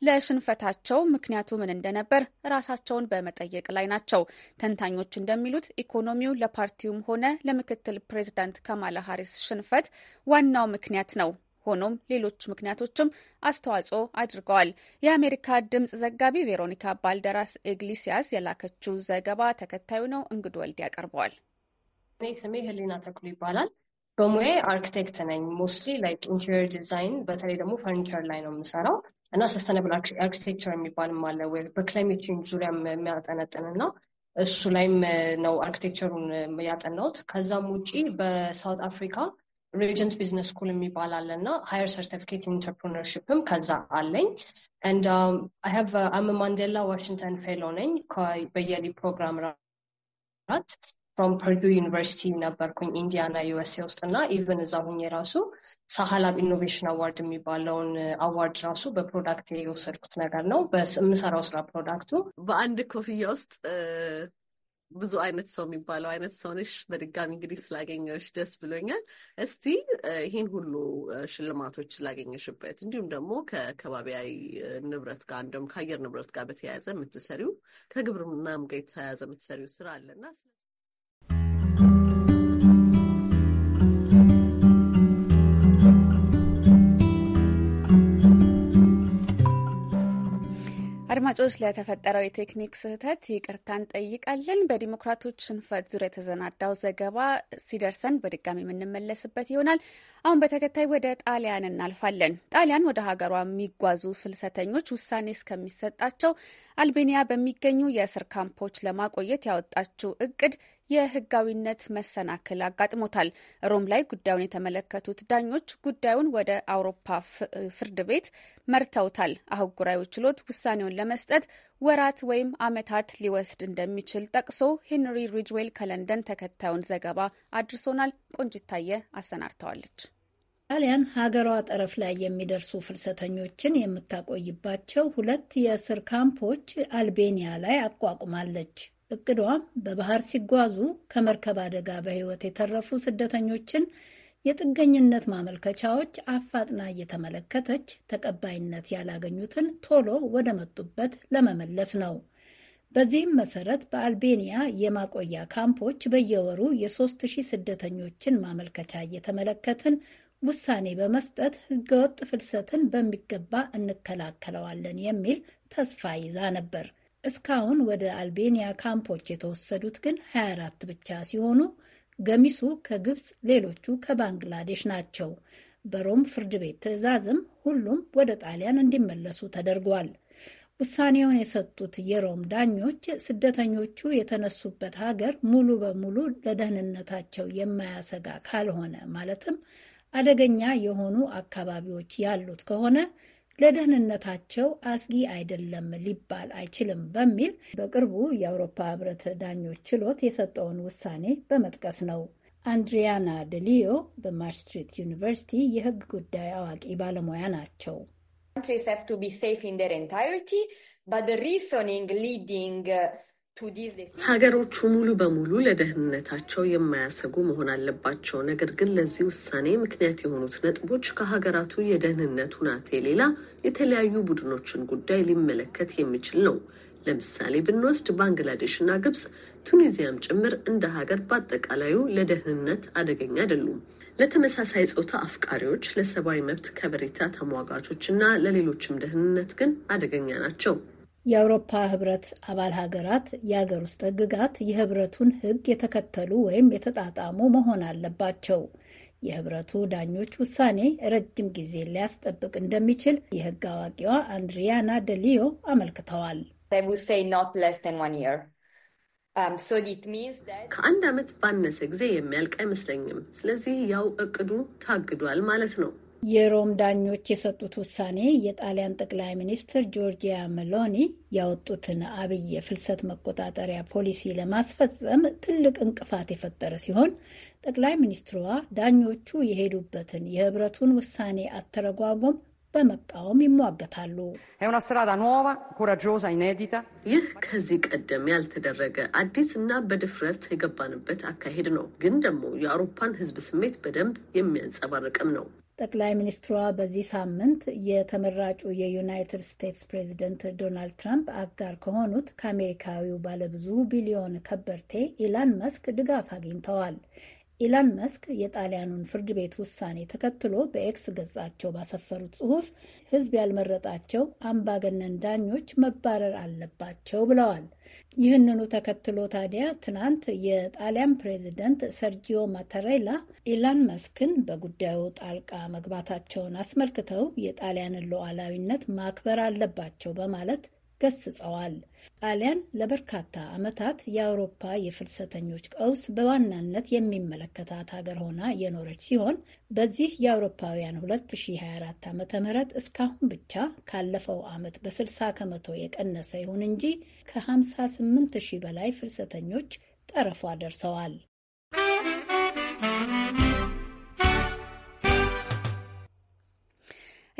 ለሽንፈታቸው ምክንያቱ ምን እንደነበር ራሳቸውን በመጠየቅ ላይ ናቸው። ተንታኞች እንደሚሉት ኢኮኖሚው ለፓርቲውም ሆነ ለምክትል ፕሬዚዳንት ካማላ ሀሪስ ሽንፈት ዋናው ምክንያት ነው። ሆኖም ሌሎች ምክንያቶችም አስተዋጽኦ አድርገዋል። የአሜሪካ ድምጽ ዘጋቢ ቬሮኒካ ባልደራስ ኤግሊሲያስ የላከችው ዘገባ ተከታዩ ነው። እንግድ ወልድ ያቀርበዋል። እኔ ስሜ ህሊና ተክሉ ይባላል። በሙዬ አርክቴክት ነኝ። ሞስትሊ ላይክ ኢንቴሪየር ዲዛይን፣ በተለይ ደግሞ ፈርኒቸር ላይ ነው የምሰራው እና ሰስተነብል አርክቴክቸር የሚባልም አለ ወይ በክላይሜት ቼንጅ ዙሪያ የሚያጠነጥንና እሱ ላይም ነው አርክቴክቸሩን ያጠናሁት። ከዛም ውጪ በሳውት አፍሪካ ሬጀንት ቢዝነስ ስኩል የሚባል አለ እና ሀየር ሰርቲፊኬት ኢንተርፕርነርሽፕም ከዛ አለኝ። ንድ አም ማንዴላ ዋሽንግተን ፌሎ ነኝ። በየሊ ፕሮግራም ራት ፍሮም ፐርዱ ዩኒቨርሲቲ ነበርኩኝ ኢንዲያና ዩኤስኤ ውስጥ እና ኢቨን እዛ ሁኜ ራሱ ሳሃላብ ኢኖቬሽን አዋርድ የሚባለውን አዋርድ uh, ራሱ በፕሮዳክት የወሰድኩት ነገር ነው። የምሰራው ስራ ፕሮዳክቱ በአንድ ኮፍያ ውስጥ uh, ብዙ አይነት ሰው የሚባለው አይነት ሰው በድጋሚ እንግዲህ ስላገኘች ደስ ብሎኛል። እስቲ ይህን ሁሉ ሽልማቶች ስላገኘሽበት እንዲሁም ደግሞ ከከባቢያዊ ንብረት ጋር እንዲሁም ከአየር ንብረት ጋር በተያያዘ የምትሰሪው ከግብርናም ጋር የተያያዘ የምትሰሪው ስራ አለና አድማጮች ለተፈጠረው የቴክኒክ ስህተት ይቅርታ እንጠይቃለን። በዲሞክራቶች ሽንፈት ዙሪያ የተዘናዳው ዘገባ ሲደርሰን በድጋሚ የምንመለስበት ይሆናል። አሁን በተከታይ ወደ ጣሊያን እናልፋለን። ጣሊያን ወደ ሀገሯ የሚጓዙ ፍልሰተኞች ውሳኔ እስከሚሰጣቸው አልቤኒያ በሚገኙ የእስር ካምፖች ለማቆየት ያወጣችው እቅድ የህጋዊነት መሰናክል አጋጥሞታል። ሮም ላይ ጉዳዩን የተመለከቱት ዳኞች ጉዳዩን ወደ አውሮፓ ፍርድ ቤት መርተውታል። አህጉራዊ ችሎት ውሳኔውን ለመስጠት ወራት ወይም ዓመታት ሊወስድ እንደሚችል ጠቅሶ ሄንሪ ሪጅዌል ከለንደን ተከታዩን ዘገባ አድርሶናል። ቆንጅታየ አሰናድተዋለች። ጣሊያን ሀገሯ ጠረፍ ላይ የሚደርሱ ፍልሰተኞችን የምታቆይባቸው ሁለት የእስር ካምፖች አልቤኒያ ላይ አቋቁማለች። እቅዷም በባህር ሲጓዙ ከመርከብ አደጋ በህይወት የተረፉ ስደተኞችን የጥገኝነት ማመልከቻዎች አፋጥና እየተመለከተች ተቀባይነት ያላገኙትን ቶሎ ወደ መጡበት ለመመለስ ነው። በዚህም መሰረት በአልቤኒያ የማቆያ ካምፖች በየወሩ የሶስት ሺህ ስደተኞችን ማመልከቻ እየተመለከትን ውሳኔ በመስጠት ህገወጥ ፍልሰትን በሚገባ እንከላከለዋለን የሚል ተስፋ ይዛ ነበር። እስካሁን ወደ አልቤኒያ ካምፖች የተወሰዱት ግን 24 ብቻ ሲሆኑ ገሚሱ ከግብፅ፣ ሌሎቹ ከባንግላዴሽ ናቸው። በሮም ፍርድ ቤት ትዕዛዝም ሁሉም ወደ ጣሊያን እንዲመለሱ ተደርጓል። ውሳኔውን የሰጡት የሮም ዳኞች ስደተኞቹ የተነሱበት ሀገር ሙሉ በሙሉ ለደህንነታቸው የማያሰጋ ካልሆነ ማለትም አደገኛ የሆኑ አካባቢዎች ያሉት ከሆነ ለደህንነታቸው አስጊ አይደለም ሊባል አይችልም በሚል በቅርቡ የአውሮፓ ህብረት ዳኞች ችሎት የሰጠውን ውሳኔ በመጥቀስ ነው። አንድሪያና ደሊዮ በማርስትሪት ዩኒቨርሲቲ የህግ ጉዳይ አዋቂ ባለሙያ ናቸው። countries have ቱ ቢ ሴፍ ኢን their ኢንታይርቲ but the reasoning ሊዲንግ ሀገሮቹ ሙሉ በሙሉ ለደህንነታቸው የማያሰጉ መሆን አለባቸው። ነገር ግን ለዚህ ውሳኔ ምክንያት የሆኑት ነጥቦች ከሀገራቱ የደህንነት ሁናቴ ሌላ የተለያዩ ቡድኖችን ጉዳይ ሊመለከት የሚችል ነው። ለምሳሌ ብንወስድ ባንግላዴሽ እና ግብጽ፣ ቱኒዚያም ጭምር እንደ ሀገር በአጠቃላዩ ለደህንነት አደገኛ አይደሉም። ለተመሳሳይ ጾታ አፍቃሪዎች፣ ለሰብአዊ መብት ከበሬታ ተሟጋቾች እና ለሌሎችም ደህንነት ግን አደገኛ ናቸው። የአውሮፓ ህብረት አባል ሀገራት የአገር ውስጥ ህግጋት የህብረቱን ህግ የተከተሉ ወይም የተጣጣሙ መሆን አለባቸው። የህብረቱ ዳኞች ውሳኔ ረጅም ጊዜ ሊያስጠብቅ እንደሚችል የህግ አዋቂዋ አንድሪያና ደሊዮ አመልክተዋል። um, ከአንድ ዓመት ባነሰ ጊዜ የሚያልቅ አይመስለኝም። ስለዚህ ያው እቅዱ ታግዷል ማለት ነው። የሮም ዳኞች የሰጡት ውሳኔ የጣሊያን ጠቅላይ ሚኒስትር ጆርጂያ መሎኒ ያወጡትን አብይ የፍልሰት መቆጣጠሪያ ፖሊሲ ለማስፈጸም ትልቅ እንቅፋት የፈጠረ ሲሆን ጠቅላይ ሚኒስትሯ ዳኞቹ የሄዱበትን የህብረቱን ውሳኔ አተረጓጎም በመቃወም ይሟገታሉ። ይህ ከዚህ ቀደም ያልተደረገ አዲስ እና በድፍረት የገባንበት አካሄድ ነው፣ ግን ደግሞ የአውሮፓን ህዝብ ስሜት በደንብ የሚያንጸባርቅም ነው። ጠቅላይ ሚኒስትሯ በዚህ ሳምንት የተመራጩ የዩናይትድ ስቴትስ ፕሬዚደንት ዶናልድ ትራምፕ አጋር ከሆኑት ከአሜሪካዊው ባለብዙ ቢሊዮን ከበርቴ ኢላን መስክ ድጋፍ አግኝተዋል። ኢላን መስክ የጣሊያኑን ፍርድ ቤት ውሳኔ ተከትሎ በኤክስ ገጻቸው ባሰፈሩት ጽሑፍ ሕዝብ ያልመረጣቸው አምባገነን ዳኞች መባረር አለባቸው ብለዋል። ይህንኑ ተከትሎ ታዲያ ትናንት የጣሊያን ፕሬዚደንት ሰርጂዮ ማተሬላ ኢላን መስክን በጉዳዩ ጣልቃ መግባታቸውን አስመልክተው የጣሊያንን ሉዓላዊነት ማክበር አለባቸው በማለት ገስጸዋል። ጣሊያን ለበርካታ ዓመታት የአውሮፓ የፍልሰተኞች ቀውስ በዋናነት የሚመለከታት ሀገር ሆና የኖረች ሲሆን በዚህ የአውሮፓውያን 2024 ዓ ም እስካሁን ብቻ ካለፈው ዓመት በ60 ከመቶ የቀነሰ ይሁን እንጂ ከ58 ሺህ በላይ ፍልሰተኞች ጠረፏ ደርሰዋል።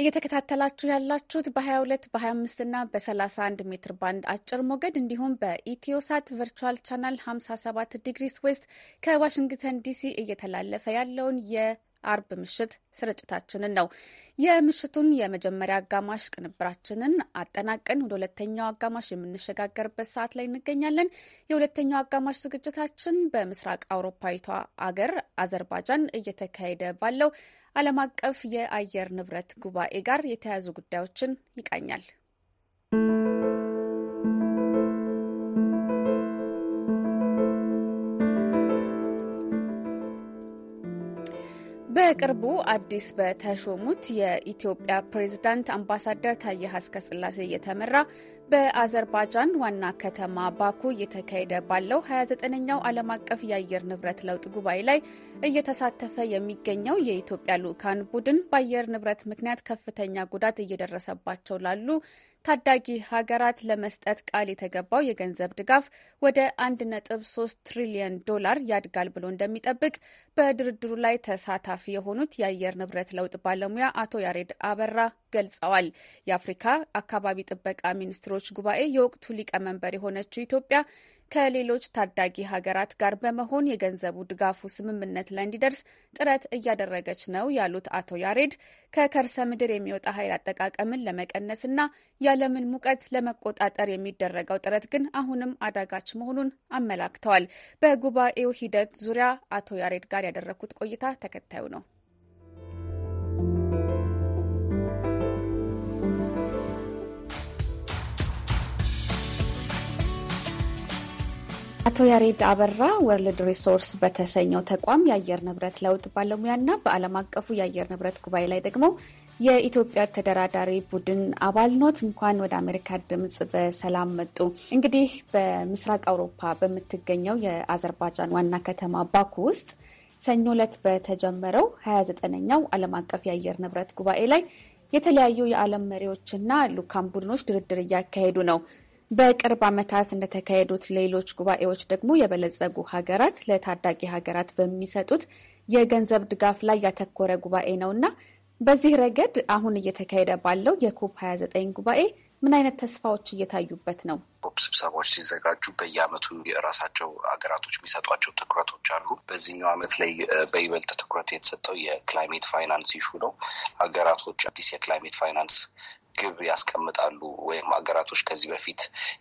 እየተከታተላችሁ ያላችሁት በ22 በ25 እና በ31 ሜትር ባንድ አጭር ሞገድ እንዲሁም በኢትዮሳት ቨርቹዋል ቻናል 57 ዲግሪስ ዌስት ከዋሽንግተን ዲሲ እየተላለፈ ያለውን የአርብ ምሽት ስርጭታችንን ነው። የምሽቱን የመጀመሪያ አጋማሽ ቅንብራችንን አጠናቀን ወደ ሁለተኛው አጋማሽ የምንሸጋገርበት ሰዓት ላይ እንገኛለን። የሁለተኛው አጋማሽ ዝግጅታችን በምስራቅ አውሮፓዊቷ አገር አዘርባጃን እየተካሄደ ባለው ዓለም አቀፍ የአየር ንብረት ጉባኤ ጋር የተያያዙ ጉዳዮችን ይቃኛል። በቅርቡ አዲስ በተሾሙት የኢትዮጵያ ፕሬዝዳንት አምባሳደር ታዬ አጽቀሥላሴ እየተመራ በአዘርባጃን ዋና ከተማ ባኩ እየተካሄደ ባለው 29ኛው ዓለም አቀፍ የአየር ንብረት ለውጥ ጉባኤ ላይ እየተሳተፈ የሚገኘው የኢትዮጵያ ልዑካን ቡድን በአየር ንብረት ምክንያት ከፍተኛ ጉዳት እየደረሰባቸው ላሉ ታዳጊ ሀገራት ለመስጠት ቃል የተገባው የገንዘብ ድጋፍ ወደ 1.3 ትሪሊየን ዶላር ያድጋል ብሎ እንደሚጠብቅ በድርድሩ ላይ ተሳታፊ የሆኑት የአየር ንብረት ለውጥ ባለሙያ አቶ ያሬድ አበራ ገልጸዋል። የአፍሪካ አካባቢ ጥበቃ ሚኒስትሮች ጉባኤ የወቅቱ ሊቀመንበር የሆነችው ኢትዮጵያ ከሌሎች ታዳጊ ሀገራት ጋር በመሆን የገንዘቡ ድጋፉ ስምምነት ላይ እንዲደርስ ጥረት እያደረገች ነው ያሉት አቶ ያሬድ ከከርሰ ምድር የሚወጣ ኃይል አጠቃቀምን ለመቀነስና ያለምን ሙቀት ለመቆጣጠር የሚደረገው ጥረት ግን አሁንም አዳጋች መሆኑን አመላክተዋል። በጉባኤው ሂደት ዙሪያ አቶ ያሬድ ጋር ያደረግኩት ቆይታ ተከታዩ ነው። አቶ ያሬድ አበራ ወርልድ ሪሶርስ በተሰኘው ተቋም የአየር ንብረት ለውጥ ባለሙያና በዓለም አቀፉ የአየር ንብረት ጉባኤ ላይ ደግሞ የኢትዮጵያ ተደራዳሪ ቡድን አባል ኖት። እንኳን ወደ አሜሪካ ድምፅ በሰላም መጡ። እንግዲህ በምስራቅ አውሮፓ በምትገኘው የአዘርባጃን ዋና ከተማ ባኩ ውስጥ ሰኞ ዕለት በተጀመረው 29ኛው ዓለም አቀፍ የአየር ንብረት ጉባኤ ላይ የተለያዩ የዓለም መሪዎችና ልኡካን ቡድኖች ድርድር እያካሄዱ ነው። በቅርብ ዓመታት እንደተካሄዱት ሌሎች ጉባኤዎች ደግሞ የበለጸጉ ሀገራት ለታዳጊ ሀገራት በሚሰጡት የገንዘብ ድጋፍ ላይ ያተኮረ ጉባኤ ነውና በዚህ ረገድ አሁን እየተካሄደ ባለው የኮፕ 29 ጉባኤ ምን አይነት ተስፋዎች እየታዩበት ነው? ኮፕ ስብሰባዎች ሲዘጋጁ በየአመቱ የራሳቸው ሀገራቶች የሚሰጧቸው ትኩረቶች አሉ። በዚህኛው አመት ላይ በይበልጥ ትኩረት የተሰጠው የክላይሜት ፋይናንስ ይሹ ነው። ሀገራቶች አዲስ የክላይሜት ፋይናንስ ግብ ያስቀምጣሉ ወይም ሀገራቶች ከዚህ በፊት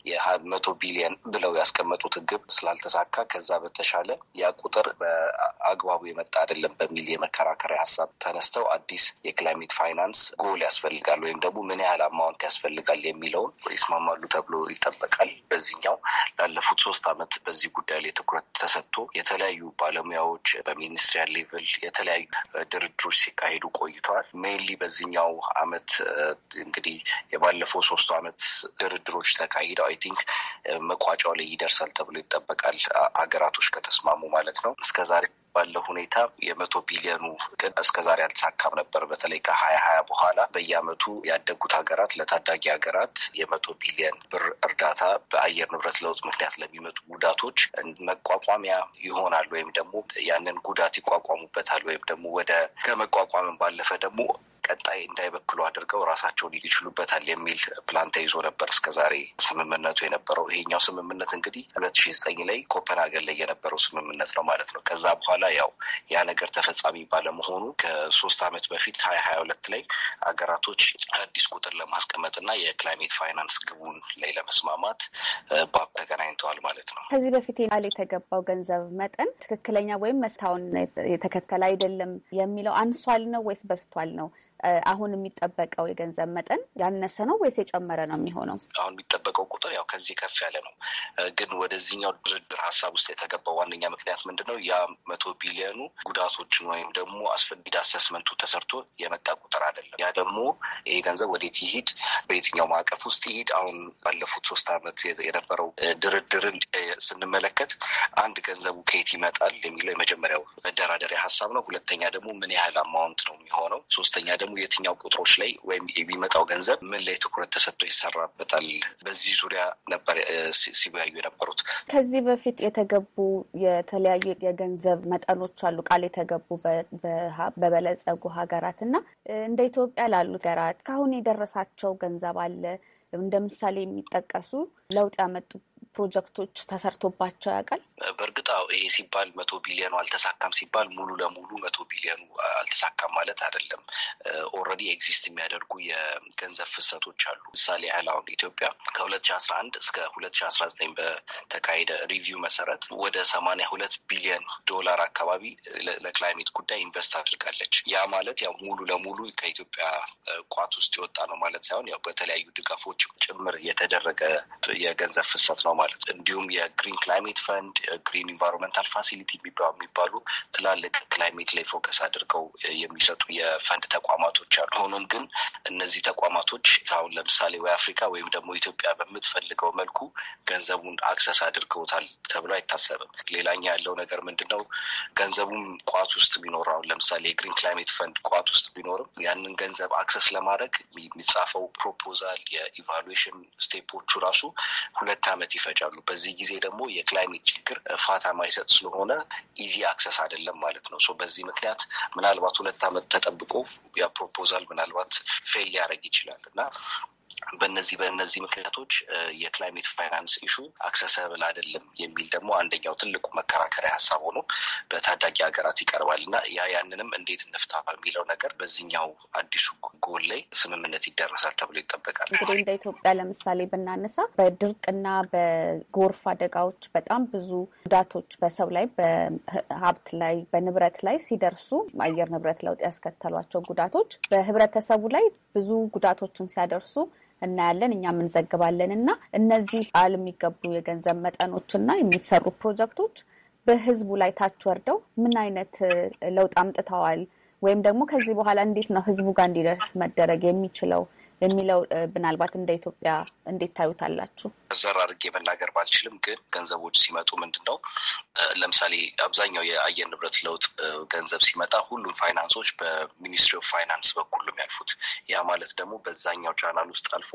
የመቶ ቢሊየን ብለው ያስቀመጡት ግብ ስላልተሳካ ከዛ በተሻለ ያ ቁጥር በአግባቡ የመጣ አይደለም በሚል የመከራከሪያ ሀሳብ ተነስተው አዲስ የክላይሜት ፋይናንስ ጎል ያስፈልጋል ወይም ደግሞ ምን ያህል አማውንት ያስፈልጋል የሚለውን ይስማማሉ ተብሎ ይጠበቃል። በዚህኛው ላለፉት ሶስት ዓመት በዚህ ጉዳይ ላይ ትኩረት ተሰጥቶ የተለያዩ ባለሙያዎች በሚኒስትሪያል ሌቭል የተለያዩ ድርድሮች ሲካሄዱ ቆይተዋል። ሜይንሊ በዚህኛው ዓመት እንግዲህ የባለፈው ሶስቱ አመት ድርድሮች ተካሂደው አይ ቲንክ መቋጫው ላይ ይደርሳል ተብሎ ይጠበቃል። አገራቶች ከተስማሙ ማለት ነው። እስከዛሬ ባለው ሁኔታ የመቶ ቢሊዮኑ ግን እስከዛሬ አልተሳካም ነበር። በተለይ ከሀያ ሀያ በኋላ በየአመቱ ያደጉት ሀገራት ለታዳጊ ሀገራት የመቶ ቢሊዮን ብር እርዳታ በአየር ንብረት ለውጥ ምክንያት ለሚመጡ ጉዳቶች መቋቋሚያ ይሆናል ወይም ደግሞ ያንን ጉዳት ይቋቋሙበታል ወይም ደግሞ ወደ ከመቋቋምን ባለፈ ደግሞ ቀጣይ እንዳይበክሉ አድርገው ራሳቸውን ይችሉበታል የሚል ፕላን ተይዞ ነበር እስከዛሬ ስምምነቱ የነበረው። ይሄኛው ስምምነት እንግዲህ ሁለት ሺ ዘጠኝ ላይ ኮፐንሀገን ላይ የነበረው ስምምነት ነው ማለት ነው። ከዛ በኋላ ያው ያ ነገር ተፈጻሚ ባለመሆኑ ከሶስት አመት በፊት ሀያ ሀያ ሁለት ላይ አገራቶች አዲስ ቁጥር ለማስቀመጥ እና የክላይሜት ፋይናንስ ግቡን ላይ ለመስማማት ባብ ተገናኝተዋል ማለት ነው። ከዚህ በፊት ቃል የተገባው ገንዘብ መጠን ትክክለኛ ወይም መስታውን የተከተለ አይደለም የሚለው አንሷል ነው ወይስ በስቷል ነው? አሁን የሚጠበቀው የገንዘብ መጠን ያነሰ ነው ወይስ የጨመረ ነው የሚሆነው? አሁን የሚጠበቀው ቁጥር ያው ከዚህ ከፍ ያለ ነው። ግን ወደዚህኛው ድርድር ሀሳብ ውስጥ የተገባው ዋነኛ ምክንያት ምንድን ነው? ያ መቶ ቢሊዮኑ ጉዳቶችን ወይም ደግሞ አስፈላጊ አሰስመንቱ ተሰርቶ የመጣ ቁጥር አይደለም። ያ ደግሞ ይሄ ገንዘብ ወዴት ይሂድ፣ በየትኛው ማዕቀፍ ውስጥ ይሂድ። አሁን ባለፉት ሶስት ዓመት የነበረው ድርድርን ስንመለከት አንድ ገንዘቡ ከየት ይመጣል የሚለው የመጀመሪያው መደራደሪያ ሀሳብ ነው። ሁለተኛ ደግሞ ምን ያህል አማውንት ነው የሚሆነው። ሶስተኛ ደግሞ ደግሞ የትኛው ቁጥሮች ላይ ወይም የሚመጣው ገንዘብ ምን ላይ ትኩረት ተሰጥቶ ይሰራበታል። በዚህ ዙሪያ ነበር ሲወያዩ የነበሩት። ከዚህ በፊት የተገቡ የተለያዩ የገንዘብ መጠኖች አሉ ቃል የተገቡ በበለጸጉ ሀገራት እና እንደ ኢትዮጵያ ላሉ ሀገራት ካሁን የደረሳቸው ገንዘብ አለ። እንደ ምሳሌ የሚጠቀሱ ለውጥ ያመጡ ፕሮጀክቶች ተሰርቶባቸው ያውቃል? በእርግጥ ይሄ ሲባል መቶ ቢሊዮኑ አልተሳካም ሲባል ሙሉ ለሙሉ መቶ ቢሊዮኑ አልተሳካም ማለት አይደለም። ኦልሬዲ ኤግዚስት የሚያደርጉ የገንዘብ ፍሰቶች አሉ። ምሳሌ ያህል አሁን ኢትዮጵያ ከሁለት 2011 አስራ አንድ እስከ ሁለት አስራ ዘጠኝ በተካሄደ ሪቪው መሰረት ወደ ሰማንያ ሁለት ቢሊዮን ዶላር አካባቢ ለክላይሜት ጉዳይ ኢንቨስት አድርጋለች። ያ ማለት ያው ሙሉ ለሙሉ ከኢትዮጵያ ቋት ውስጥ የወጣ ነው ማለት ሳይሆን ያው በተለያዩ ድጋፎች ጭምር የተደረገ የገንዘብ ፍሰት ነው ማለት እንዲሁም የግሪን ክላይሜት ፈንድ ግሪን ኢንቫይሮንመንታል ፋሲሊቲ የሚባሉ ትላልቅ ክላይሜት ላይ ፎከስ አድርገው የሚሰጡ የፈንድ ተቋማቶች አሉ። ሆኖም ግን እነዚህ ተቋማቶች አሁን ለምሳሌ ወይ አፍሪካ ወይም ደግሞ ኢትዮጵያ በምትፈልገው መልኩ ገንዘቡን አክሰስ አድርገውታል ተብሎ አይታሰብም። ሌላኛ ያለው ነገር ምንድን ነው? ገንዘቡም ቋት ውስጥ ቢኖር አሁን ለምሳሌ የግሪን ክላይሜት ፈንድ ቋት ውስጥ ቢኖርም ያንን ገንዘብ አክሰስ ለማድረግ የሚጻፈው ፕሮፖዛል የኢቫሉዌሽን ስቴፖቹ ራሱ ሁለት ዓመት ይፈ ይፈጫሉ። በዚህ ጊዜ ደግሞ የክላይሜት ችግር ፋታ ማይሰጥ ስለሆነ ኢዚ አክሰስ አይደለም ማለት ነው። በዚህ ምክንያት ምናልባት ሁለት ዓመት ተጠብቆ ያ ፕሮፖዛል ምናልባት ፌል ሊያደርግ ይችላል እና በነዚህ በነዚህ ምክንያቶች የክላይሜት ፋይናንስ ኢሹ አክሰሰብል አይደለም የሚል ደግሞ አንደኛው ትልቁ መከራከሪያ ሀሳብ ሆኖ በታዳጊ ሀገራት ይቀርባል እና ያ ያንንም እንዴት እንፍታ የሚለው ነገር በዚህኛው አዲሱ ጎል ላይ ስምምነት ይደረሳል ተብሎ ይጠበቃል። እንግዲህ እንደ ኢትዮጵያ ለምሳሌ ብናነሳ በድርቅና በጎርፍ አደጋዎች በጣም ብዙ ጉዳቶች በሰው ላይ፣ በሀብት ላይ፣ በንብረት ላይ ሲደርሱ አየር ንብረት ለውጥ ያስከተሏቸው ጉዳቶች በህብረተሰቡ ላይ ብዙ ጉዳቶችን ሲያደርሱ እናያለን፣ እኛም እንዘግባለን እና እነዚህ ቃል የሚገቡ የገንዘብ እና የሚሰሩ ፕሮጀክቶች በህዝቡ ላይ ታች ወርደው ምን አይነት ለውጥ አምጥተዋል ወይም ደግሞ ከዚህ በኋላ እንዴት ነው ህዝቡ ጋር እንዲደርስ መደረግ የሚችለው የሚለው ምናልባት እንደ ኢትዮጵያ እንዴት ታዩታላችሁ? ዘር አድርጌ መናገር ባልችልም ግን ገንዘቦች ሲመጡ ምንድን ነው ለምሳሌ አብዛኛው የአየር ንብረት ለውጥ ገንዘብ ሲመጣ ሁሉም ፋይናንሶች በሚኒስትሪ ኦፍ ፋይናንስ በኩል ነው የሚያልፉት። ያ ማለት ደግሞ በዛኛው ቻናል ውስጥ አልፎ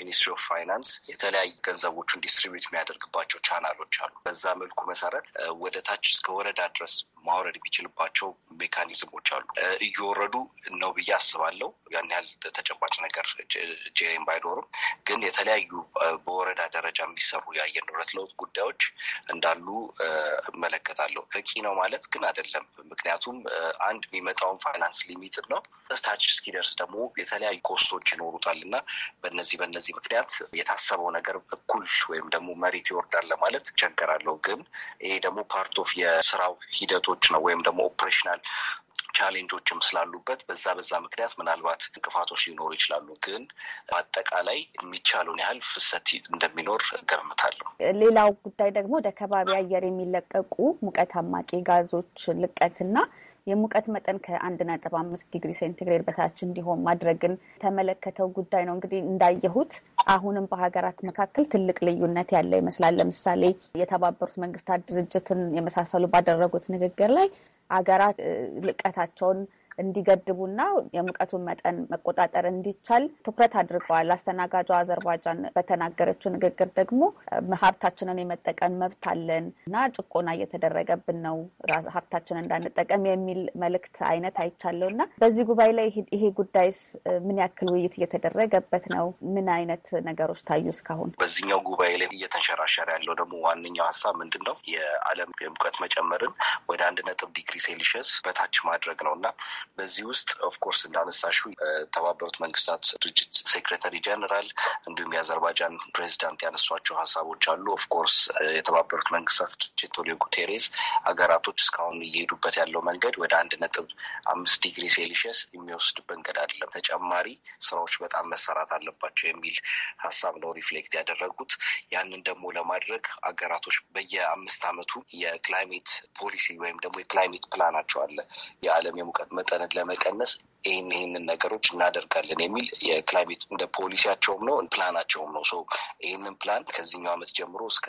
ሚኒስትሪ ኦፍ ፋይናንስ የተለያዩ ገንዘቦቹን ዲስትሪቢዩት የሚያደርግባቸው ቻናሎች አሉ። በዛ መልኩ መሰረት ወደ ታች እስከ ወረዳ ድረስ ማውረድ የሚችልባቸው ሜካኒዝሞች አሉ። እየወረዱ ነው ብዬ አስባለሁ። ያን ያህል ተጨባጭ ነገር እጄ ባይኖርም ግን የተለያዩ በወረዳ ደረጃ የሚሰሩ የአየር ንብረት ለውጥ ጉዳዮች እንዳሉ እመለከታለሁ። በቂ ነው ማለት ግን አይደለም። ምክንያቱም አንድ የሚመጣውን ፋይናንስ ሊሚት ነው ታች እስኪደርስ ደግሞ የተለያዩ ኮስቶች ይኖሩታል እና በነዚህ በነዚህ ምክንያት የታሰበው ነገር እኩል ወይም ደግሞ መሬት ይወርዳል ለማለት ይቸገራለሁ። ግን ይሄ ደግሞ ፓርት ኦፍ የስራው ሂደቶች ነው ወይም ደግሞ ኦፕሬሽናል ቻሌንጆችም ስላሉበት በዛ በዛ ምክንያት ምናልባት እንቅፋቶች ሊኖሩ ይችላሉ። ግን በአጠቃላይ የሚቻሉን ያህል ፍሰት እንደሚኖር ገምታለሁ። ሌላው ጉዳይ ደግሞ ወደ ከባቢ አየር የሚለቀቁ ሙቀት አማቂ ጋዞች ልቀትና የሙቀት መጠን ከአንድ ነጥብ አምስት ዲግሪ ሴንቲግሬድ በታች እንዲሆን ማድረግን የተመለከተው ጉዳይ ነው። እንግዲህ እንዳየሁት አሁንም በሀገራት መካከል ትልቅ ልዩነት ያለ ይመስላል። ለምሳሌ የተባበሩት መንግስታት ድርጅትን የመሳሰሉ ባደረጉት ንግግር ላይ አገራት ልቀታቸውን እንዲገድቡና የሙቀቱን መጠን መቆጣጠር እንዲቻል ትኩረት አድርገዋል። አስተናጋጇ አዘርባጃን በተናገረችው ንግግር ደግሞ ሀብታችንን የመጠቀም መብት አለን እና ጭቆና እየተደረገብን ነው ሀብታችንን እንዳንጠቀም የሚል መልእክት አይነት አይቻለው እና በዚህ ጉባኤ ላይ ይሄ ጉዳይስ ምን ያክል ውይይት እየተደረገበት ነው? ምን አይነት ነገሮች ታዩ እስካሁን? በዚህኛው ጉባኤ ላይ እየተንሸራሸረ ያለው ደግሞ ዋነኛው ሀሳብ ምንድን ነው? የዓለም የሙቀት መጨመርን ወደ አንድ ነጥብ ዲግሪ ሴልሽስ በታች ማድረግ ነው እና በዚህ ውስጥ ኦፍኮርስ እንዳነሳሹ የተባበሩት መንግስታት ድርጅት ሴክሬታሪ ጀነራል እንዲሁም የአዘርባይጃን ፕሬዚዳንት ያነሷቸው ሀሳቦች አሉ። ኦፍኮርስ የተባበሩት መንግስታት ድርጅት ኦሊዮ ጉቴሬስ ሀገራቶች እስካሁን እየሄዱበት ያለው መንገድ ወደ አንድ ነጥብ አምስት ዲግሪ ሴልሺየስ የሚወስድ መንገድ አይደለም፣ ተጨማሪ ስራዎች በጣም መሰራት አለባቸው የሚል ሀሳብ ነው ሪፍሌክት ያደረጉት። ያንን ደግሞ ለማድረግ ሀገራቶች በየአምስት አመቱ የክላይሜት ፖሊሲ ወይም ደግሞ የክላይሜት ፕላናቸው አለ የዓለም የሙቀት መጠ መጠንን ለመቀነስ ይህን ይህንን ነገሮች እናደርጋለን የሚል የክላይሜት እንደ ፖሊሲያቸውም ነው ፕላናቸውም ነው። ይህንን ፕላን ከዚህኛው ዓመት ጀምሮ እስከ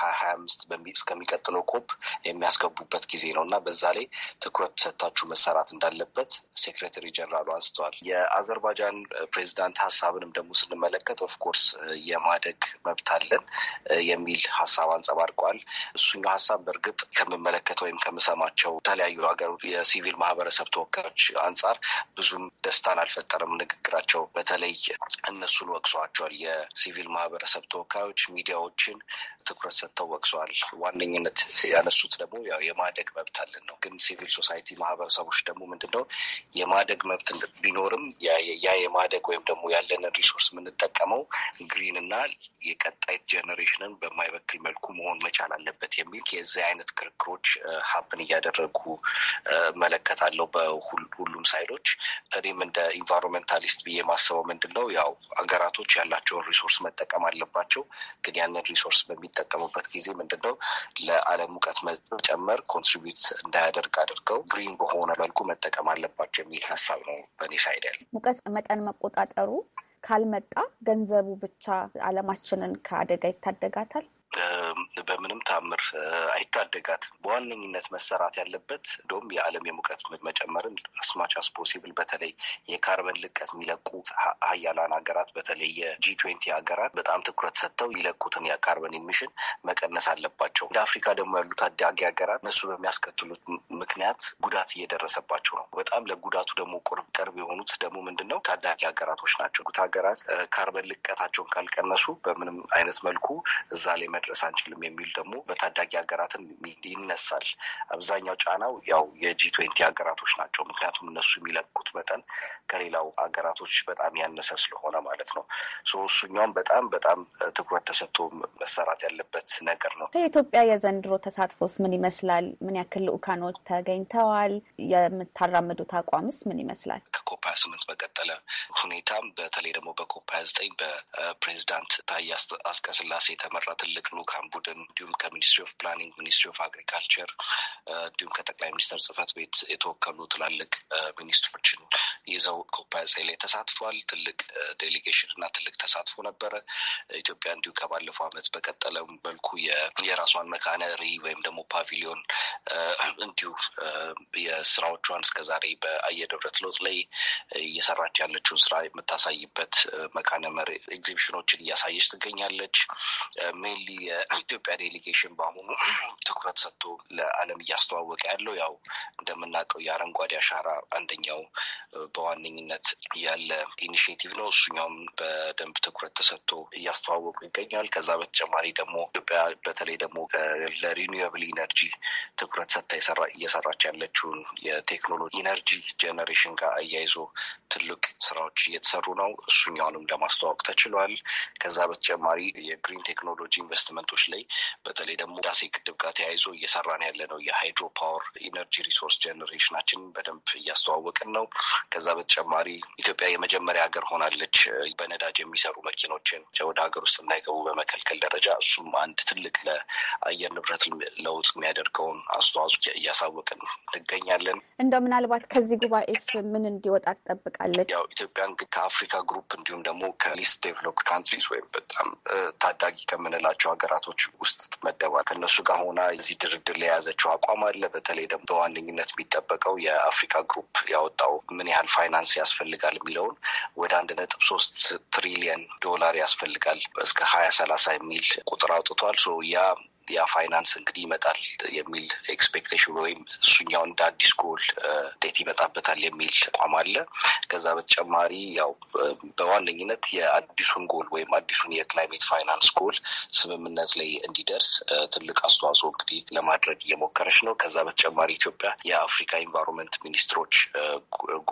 ሀያ አምስት እስከሚቀጥለው ኮፕ የሚያስገቡበት ጊዜ ነው እና በዛ ላይ ትኩረት ሰጥታችሁ መሰራት እንዳለበት ሴክሬታሪ ጀነራሉ አንስተዋል። የአዘርባይጃን ፕሬዚዳንት ሀሳብንም ደግሞ ስንመለከት ኦፍኮርስ የማደግ መብት አለን የሚል ሀሳብ አንጸባርቀዋል። እሱኛው ሀሳብ በእርግጥ ከምመለከተው ወይም ከምሰማቸው የተለያዩ ሀገር የሲቪል ማህበረሰብ ተወካዮች ተጫዋቾች አንጻር ብዙም ደስታን አልፈጠረም ንግግራቸው። በተለይ እነሱን ወቅሰዋቸዋል። የሲቪል ማህበረሰብ ተወካዮች ሚዲያዎችን ትኩረት ሰጥተው ወቅሰዋል። ዋነኝነት ያነሱት ደግሞ ያው የማደግ መብት አለን ነው። ግን ሲቪል ሶሳይቲ ማህበረሰቦች ደግሞ ምንድነው የማደግ መብት ቢኖርም ያ የማደግ ወይም ደግሞ ያለንን ሪሶርስ የምንጠቀመው ግሪን እና የቀጣይ ጀኔሬሽንን በማይበክል መልኩ መሆን መቻል አለበት የሚል የዚህ አይነት ክርክሮች ሀብን እያደረጉ መለከታለሁ በሁ ሁሉም ሳይዶች። እኔም እንደ ኢንቫይሮንመንታሊስት ብዬ ማስበው ምንድን ነው ያው አገራቶች ያላቸውን ሪሶርስ መጠቀም አለባቸው። ግን ያንን ሪሶርስ በሚጠቀሙበት ጊዜ ምንድን ነው ለዓለም ሙቀት መጨመር ኮንትሪቢዩት እንዳያደርግ አድርገው ግሪን በሆነ መልኩ መጠቀም አለባቸው የሚል ሀሳብ ነው በእኔ ሳይድ ያለ። ሙቀት መጠን መቆጣጠሩ ካልመጣ ገንዘቡ ብቻ አለማችንን ከአደጋ ይታደጋታል። በምንም ታምር አይታደጋትም። በዋነኝነት መሰራት ያለበት እንደውም የዓለም የሙቀት መጨመርን አስማች አስ ፖሲብል በተለይ የካርበን ልቀት የሚለቁ ሀያላን ሀገራት በተለይ የጂ ትዌንቲ ሀገራት በጣም ትኩረት ሰጥተው ሚለቁትን የካርበን ኢሚሽን መቀነስ አለባቸው። እንደ አፍሪካ ደግሞ ያሉ ታዳጊ ሀገራት እነሱ በሚያስከትሉት ምክንያት ጉዳት እየደረሰባቸው ነው። በጣም ለጉዳቱ ደግሞ ቅርብ የሆኑት ደግሞ ምንድን ነው ታዳጊ ሀገራቶች ናቸው። ሀገራት ካርበን ልቀታቸውን ካልቀነሱ በምንም አይነት መልኩ እዛ ላይ መድረስ አንችልም የሚል ደግሞ በታዳጊ ሀገራትም ይነሳል። አብዛኛው ጫናው ያው የጂ ትዌንቲ ሀገራቶች ናቸው። ምክንያቱም እነሱ የሚለቁት መጠን ከሌላው ሀገራቶች በጣም ያነሰ ስለሆነ ማለት ነው። እሱኛውም በጣም በጣም ትኩረት ተሰጥቶ መሰራት ያለበት ነገር ነው። ከኢትዮጵያ የዘንድሮ ተሳትፎስ ምን ይመስላል? ምን ያክል ልኡካኖች ተገኝተዋል? የምታራምዱት አቋምስ ምን ይመስላል? ከኮፓ ስምንት በቀጠለ ሁኔታም በተለይ ደግሞ በኮፓ ዘጠኝ በፕሬዚዳንት ታዬ አጽቀሥላሴ የተመራ ትልቅ ልኡካን ቡድን እንዲሁም ከሚኒስትሪ ኦፍ ፕላኒንግ፣ ሚኒስትሪ ኦፍ አግሪካልቸር እንዲሁም ከጠቅላይ ሚኒስተር ጽህፈት ቤት የተወከሉ ትላልቅ ሚኒስትሮችን ይዘው ኮፓያሴ ላይ ተሳትፏል። ትልቅ ዴሊጌሽን እና ትልቅ ተሳትፎ ነበረ። ኢትዮጵያ እንዲሁ ከባለፈው ዓመት በቀጠለ መልኩ የራሷን መካነሪ ወይም ደግሞ ፓቪሊዮን እንዲሁ የስራዎቿን እስከዛሬ በአየር ንብረት ለውጥ ላይ እየሰራች ያለችውን ስራ የምታሳይበት መካነ መሪ ኤግዚቢሽኖችን እያሳየች ትገኛለች። ሜንሊ <clears throat> የኢትዮጵያ ዴሊጌሽን በአሁኑ ትኩረት ሰጥቶ ለዓለም እያስተዋወቀ ያለው ያው እንደምናውቀው የአረንጓዴ አሻራ አንደኛው በዋነኝነት ያለ ኢኒሽቲቭ ነው። እሱኛውም በደንብ ትኩረት ተሰጥቶ እያስተዋወቁ ይገኛል። ከዛ በተጨማሪ ደግሞ ኢትዮጵያ በተለይ ደግሞ ለሪኒዌብል ኢነርጂ ትኩረት ሰጥታ እየሰራች ያለችውን የቴክኖሎጂ ኢነርጂ ጄኔሬሽን ጋር አያይዞ ትልቅ ስራዎች እየተሰሩ ነው። እሱኛውንም ለማስተዋወቅ ተችሏል። ከዛ በተጨማሪ የግሪን ቴክኖሎጂ ኢንቨስትመንቶች ላይ በተለይ ደግሞ ህዳሴ ግድብ ጋር ተያይዞ እየሰራን ያለ ነው። የሃይድሮ ፓወር ኢነርጂ ሪሶርስ ጀኔሬሽናችን በደንብ እያስተዋወቅን ነው። ከዛ በተጨማሪ ኢትዮጵያ የመጀመሪያ ሀገር ሆናለች በነዳጅ የሚሰሩ መኪኖችን ወደ ሀገር ውስጥ እንዳይገቡ በመከልከል ደረጃ። እሱም አንድ ትልቅ ለአየር ንብረት ለውጥ የሚያደርገውን አስተዋጽኦ እያሳወቅን እንገኛለን። እንደው ምናልባት ከዚህ ጉባኤስ ምን እንዲወጣ ትጠብቃለች? ያው ኢትዮጵያን ከአፍሪካ ግሩፕ እንዲሁም ደግሞ ከሊስት ዴቨሎፕ ካንትሪስ ወይም በጣም ታዳጊ ከምንላቸው ሀገራቶች ውስጥ ትመደባል። ከእነሱ ጋር ሆና እዚህ ድርድር ላይ የያዘችው አቋም አለ። በተለይ ደግሞ በዋነኝነት የሚጠበቀው የአፍሪካ ግሩፕ ያወጣው ምን ያህል ፋይናንስ ያስፈልጋል የሚለውን ወደ አንድ ነጥብ ሶስት ትሪሊየን ዶላር ያስፈልጋል እስከ ሀያ ሰላሳ የሚል ቁጥር አውጥቷል። ያ ያ ፋይናንስ እንግዲህ ይመጣል የሚል ኤክስፔክቴሽን ወይም እሱኛው እንደ አዲስ ጎል ዴት uh, ይመጣበታል የሚል ተቋም አለ። ከዛ በተጨማሪ ያው um, በዋነኝነት የአዲሱን ጎል ወይም አዲሱን የክላይሜት ፋይናንስ ጎል ስምምነት ላይ እንዲደርስ uh, ትልቅ አስተዋጽኦ እንግዲህ ለማድረግ እየሞከረች ነው። ከዛ በተጨማሪ ኢትዮጵያ የአፍሪካ ኢንቫይሮንመንት ሚኒስትሮች uh,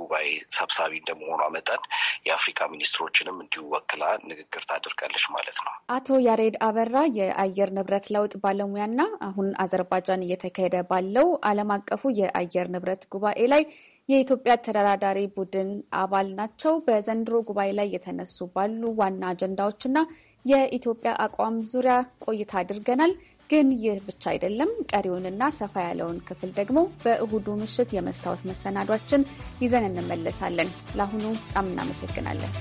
ጉባኤ ሰብሳቢ እንደመሆኗ መጠን የአፍሪካ ሚኒስትሮችንም እንዲወክላ ንግግር ታደርጋለች ማለት ነው። አቶ ያሬድ አበራ የአየር ንብረት ለውጥ ባለሙያና አሁን አዘርባጃን እየተካሄደ ባለው ዓለም አቀፉ የአየር ንብረት ጉባኤ ላይ የኢትዮጵያ ተደራዳሪ ቡድን አባል ናቸው። በዘንድሮ ጉባኤ ላይ የተነሱ ባሉ ዋና አጀንዳዎችና የኢትዮጵያ አቋም ዙሪያ ቆይታ አድርገናል። ግን ይህ ብቻ አይደለም። ቀሪውንና ሰፋ ያለውን ክፍል ደግሞ በእሁዱ ምሽት የመስታወት መሰናዷችን ይዘን እንመለሳለን። ለአሁኑ በጣም እናመሰግናለን።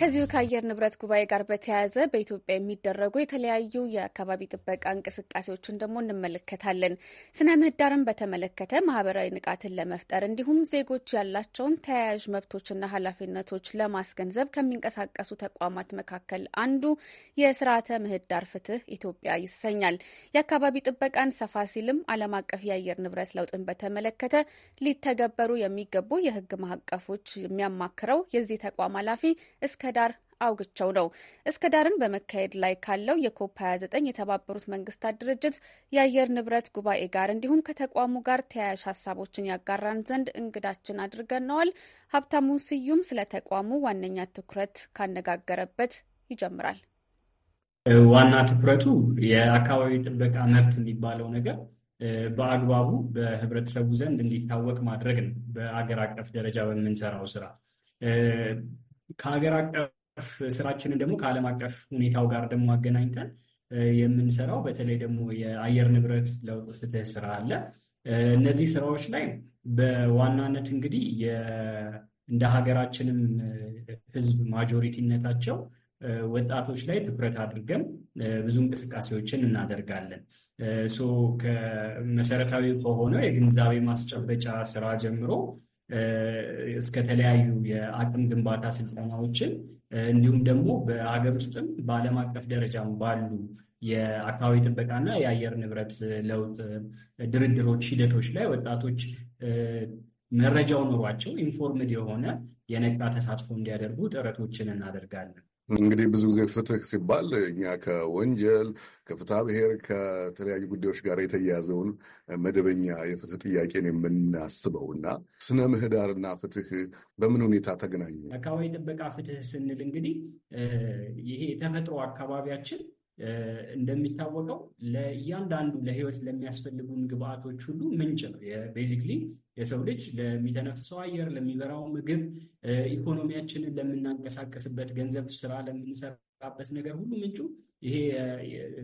ከዚሁ ከአየር ንብረት ጉባኤ ጋር በተያያዘ በኢትዮጵያ የሚደረጉ የተለያዩ የአካባቢ ጥበቃ እንቅስቃሴዎችን ደግሞ እንመለከታለን። ስነ ምህዳርን በተመለከተ ማህበራዊ ንቃትን ለመፍጠር እንዲሁም ዜጎች ያላቸውን ተያያዥ መብቶችና ኃላፊነቶች ለማስገንዘብ ከሚንቀሳቀሱ ተቋማት መካከል አንዱ የስርዓተ ምህዳር ፍትህ ኢትዮጵያ ይሰኛል። የአካባቢ ጥበቃን ሰፋ ሲልም ዓለም አቀፍ የአየር ንብረት ለውጥን በተመለከተ ሊተገበሩ የሚገቡ የህግ ማዕቀፎች የሚያማክረው የዚህ ተቋም ኃላፊ እስከ እስከ ዳር አውግቸው ነው። እስከ ዳርን በመካሄድ ላይ ካለው የኮፕ 29 የተባበሩት መንግስታት ድርጅት የአየር ንብረት ጉባኤ ጋር እንዲሁም ከተቋሙ ጋር ተያያዥ ሀሳቦችን ያጋራን ዘንድ እንግዳችን አድርገነዋል። ሀብታሙ ስዩም ስለ ተቋሙ ዋነኛ ትኩረት ካነጋገረበት ይጀምራል። ዋና ትኩረቱ የአካባቢ ጥበቃ መብት የሚባለው ነገር በአግባቡ በህብረተሰቡ ዘንድ እንዲታወቅ ማድረግ ነው። በአገር አቀፍ ደረጃ በምንሰራው ስራ ከሀገር አቀፍ ስራችንን ደግሞ ከዓለም አቀፍ ሁኔታው ጋር ደግሞ አገናኝተን የምንሰራው በተለይ ደግሞ የአየር ንብረት ለውጥ ፍትህ ስራ አለ። እነዚህ ስራዎች ላይ በዋናነት እንግዲህ እንደ ሀገራችንም ህዝብ ማጆሪቲነታቸው ወጣቶች ላይ ትኩረት አድርገን ብዙ እንቅስቃሴዎችን እናደርጋለን። መሰረታዊ ከሆነው የግንዛቤ ማስጨበጫ ስራ ጀምሮ እስከተለያዩ የአቅም ግንባታ ስልጠናዎችን እንዲሁም ደግሞ በሀገር ውስጥም በዓለም አቀፍ ደረጃም ባሉ የአካባቢ ጥበቃና የአየር ንብረት ለውጥ ድርድሮች፣ ሂደቶች ላይ ወጣቶች መረጃው ኑሯቸው ኢንፎርምድ የሆነ የነቃ ተሳትፎ እንዲያደርጉ ጥረቶችን እናደርጋለን። እንግዲህ ብዙ ጊዜ ፍትህ ሲባል እኛ ከወንጀል ከፍትሐ ብሔር ከተለያዩ ጉዳዮች ጋር የተያያዘውን መደበኛ የፍትህ ጥያቄን የምናስበው እና ስነ ምህዳርና ፍትህ በምን ሁኔታ ተገናኙ? አካባቢ ጥበቃ ፍትህ ስንል እንግዲህ ይሄ የተፈጥሮ አካባቢያችን እንደሚታወቀው ለእያንዳንዱ ለህይወት ለሚያስፈልጉን ግብአቶች ሁሉ ምንጭ ነው። ቤዚክሊ የሰው ልጅ ለሚተነፍሰው አየር፣ ለሚበራው ምግብ፣ ኢኮኖሚያችንን ለምናንቀሳቀስበት ገንዘብ፣ ስራ ለምንሰራበት ነገር ሁሉ ምንጩ ይሄ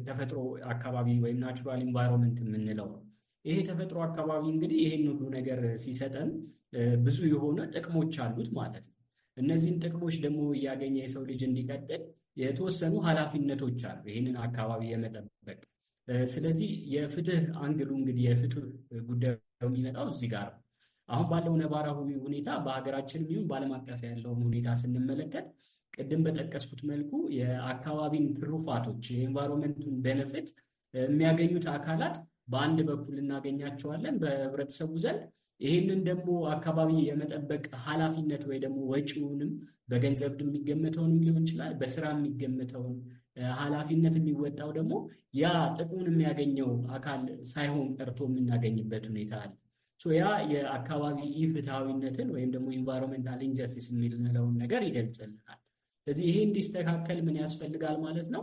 ተፈጥሮ አካባቢ ወይም ናቹራል ኢንቫይሮንመንት የምንለው ነው። ይሄ ተፈጥሮ አካባቢ እንግዲህ ይህን ሁሉ ነገር ሲሰጠን ብዙ የሆነ ጥቅሞች አሉት ማለት ነው። እነዚህን ጥቅሞች ደግሞ እያገኘ የሰው ልጅ እንዲቀጥል የተወሰኑ ኃላፊነቶች አሉ ይህንን አካባቢ የመጠበቅ ስለዚህ የፍትህ አንግሉ እንግዲህ የፍትህ ጉዳዩ የሚመጣው እዚህ ጋር ነው። አሁን ባለው ነባራዊ ሁኔታ በሀገራችን ይሁን በዓለም አቀፍ ያለውን ሁኔታ ስንመለከት ቅድም በጠቀስኩት መልኩ የአካባቢን ትሩፋቶች የኤንቫይሮንመንቱን ቤነፊት የሚያገኙት አካላት በአንድ በኩል እናገኛቸዋለን በህብረተሰቡ ዘንድ ይህንን ደግሞ አካባቢ የመጠበቅ ኃላፊነት ወይ ደግሞ ወጪውንም በገንዘብ የሚገመተውንም ሊሆን ይችላል፣ በስራ የሚገመተውን ኃላፊነት የሚወጣው ደግሞ ያ ጥቅሙን የሚያገኘው አካል ሳይሆን ቀርቶ የምናገኝበት ሁኔታ አለ። ያ የአካባቢ ኢፍትሐዊነትን ወይም ደግሞ ኢንቫይሮንሜንታል ኢንጀስቲስ የሚለውን ነገር ይገልጽልናል። ስለዚህ ይሄ እንዲስተካከል ምን ያስፈልጋል ማለት ነው?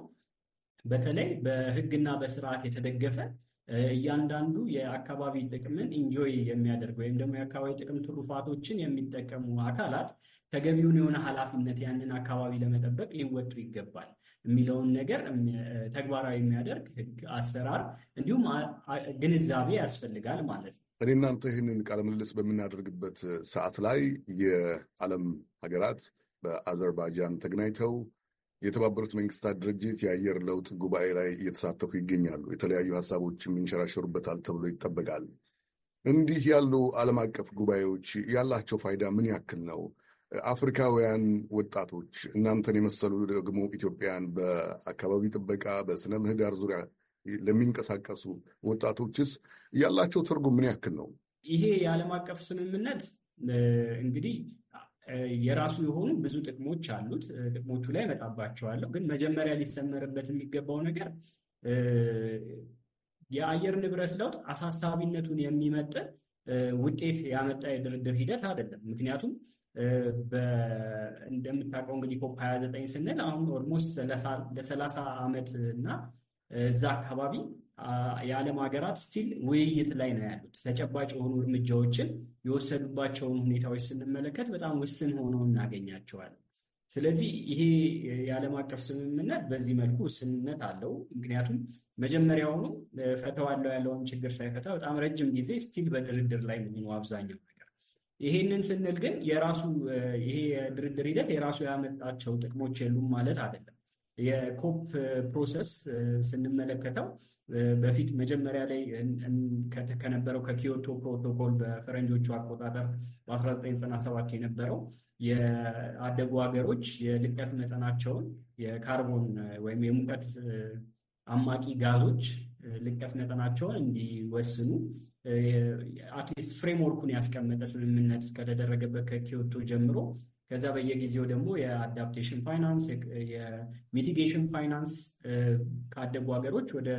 በተለይ በህግና በስርዓት የተደገፈ እያንዳንዱ የአካባቢ ጥቅምን ኢንጆይ የሚያደርግ ወይም ደግሞ የአካባቢ ጥቅም ትሩፋቶችን የሚጠቀሙ አካላት ተገቢውን የሆነ ኃላፊነት ያንን አካባቢ ለመጠበቅ ሊወጡ ይገባል። የሚለውን ነገር ተግባራዊ የሚያደርግ ህግ፣ አሰራር እንዲሁም ግንዛቤ ያስፈልጋል ማለት ነው። እኔ እናንተ ይህንን ቃለ ምልልስ በምናደርግበት ሰዓት ላይ የዓለም ሀገራት በአዘርባይጃን ተገናኝተው የተባበሩት መንግስታት ድርጅት የአየር ለውጥ ጉባኤ ላይ እየተሳተፉ ይገኛሉ። የተለያዩ ሀሳቦችም የሚንሸራሸሩበታል ተብሎ ይጠበቃል። እንዲህ ያሉ ዓለም አቀፍ ጉባኤዎች ያላቸው ፋይዳ ምን ያክል ነው? አፍሪካውያን ወጣቶች እናንተን የመሰሉ ደግሞ ኢትዮጵያን በአካባቢ ጥበቃ በስነ ምህዳር ዙሪያ ለሚንቀሳቀሱ ወጣቶችስ ያላቸው ትርጉም ምን ያክል ነው? ይሄ የዓለም አቀፍ ስምምነት እንግዲህ የራሱ የሆኑ ብዙ ጥቅሞች አሉት። ጥቅሞቹ ላይ እመጣባቸዋለሁ። ግን መጀመሪያ ሊሰመርበት የሚገባው ነገር የአየር ንብረት ለውጥ አሳሳቢነቱን የሚመጥን ውጤት ያመጣ የድርድር ሂደት አይደለም። ምክንያቱም እንደምታውቀው እንግዲህ ኮፕ 29 ስንል አሁን ኦልሞስት ለሰላሳ ዓመት እና እዛ አካባቢ የዓለም ሀገራት ስቲል ውይይት ላይ ነው ያሉት። ተጨባጭ የሆኑ እርምጃዎችን የወሰዱባቸውን ሁኔታዎች ስንመለከት በጣም ውስን ሆነው እናገኛቸዋለን። ስለዚህ ይሄ የዓለም አቀፍ ስምምነት በዚህ መልኩ ውስንነት አለው። ምክንያቱም መጀመሪያውኑ ፈተዋለው ያለውን ችግር ሳይፈታ በጣም ረጅም ጊዜ ስቲል በድርድር ላይ መሆኑ አብዛኛው ይሄንን ስንል ግን የራሱ ይሄ የድርድር ሂደት የራሱ ያመጣቸው ጥቅሞች የሉም ማለት አይደለም። የኮፕ ፕሮሰስ ስንመለከተው በፊት መጀመሪያ ላይ ከነበረው ከኪዮቶ ፕሮቶኮል በፈረንጆቹ አቆጣጠር በ1997 የነበረው የአደጉ ሀገሮች የልቀት መጠናቸውን የካርቦን ወይም የሙቀት አማቂ ጋዞች ልቀት መጠናቸውን እንዲወስኑ አትሊስት ፍሬምወርኩን ያስቀመጠ ስምምነት ከተደረገበት ከኪዮቶ ጀምሮ ከዛ በየጊዜው ደግሞ የአዳፕቴሽን ፋይናንስ፣ የሚቲጌሽን ፋይናንስ ካደጉ ሀገሮች ወደ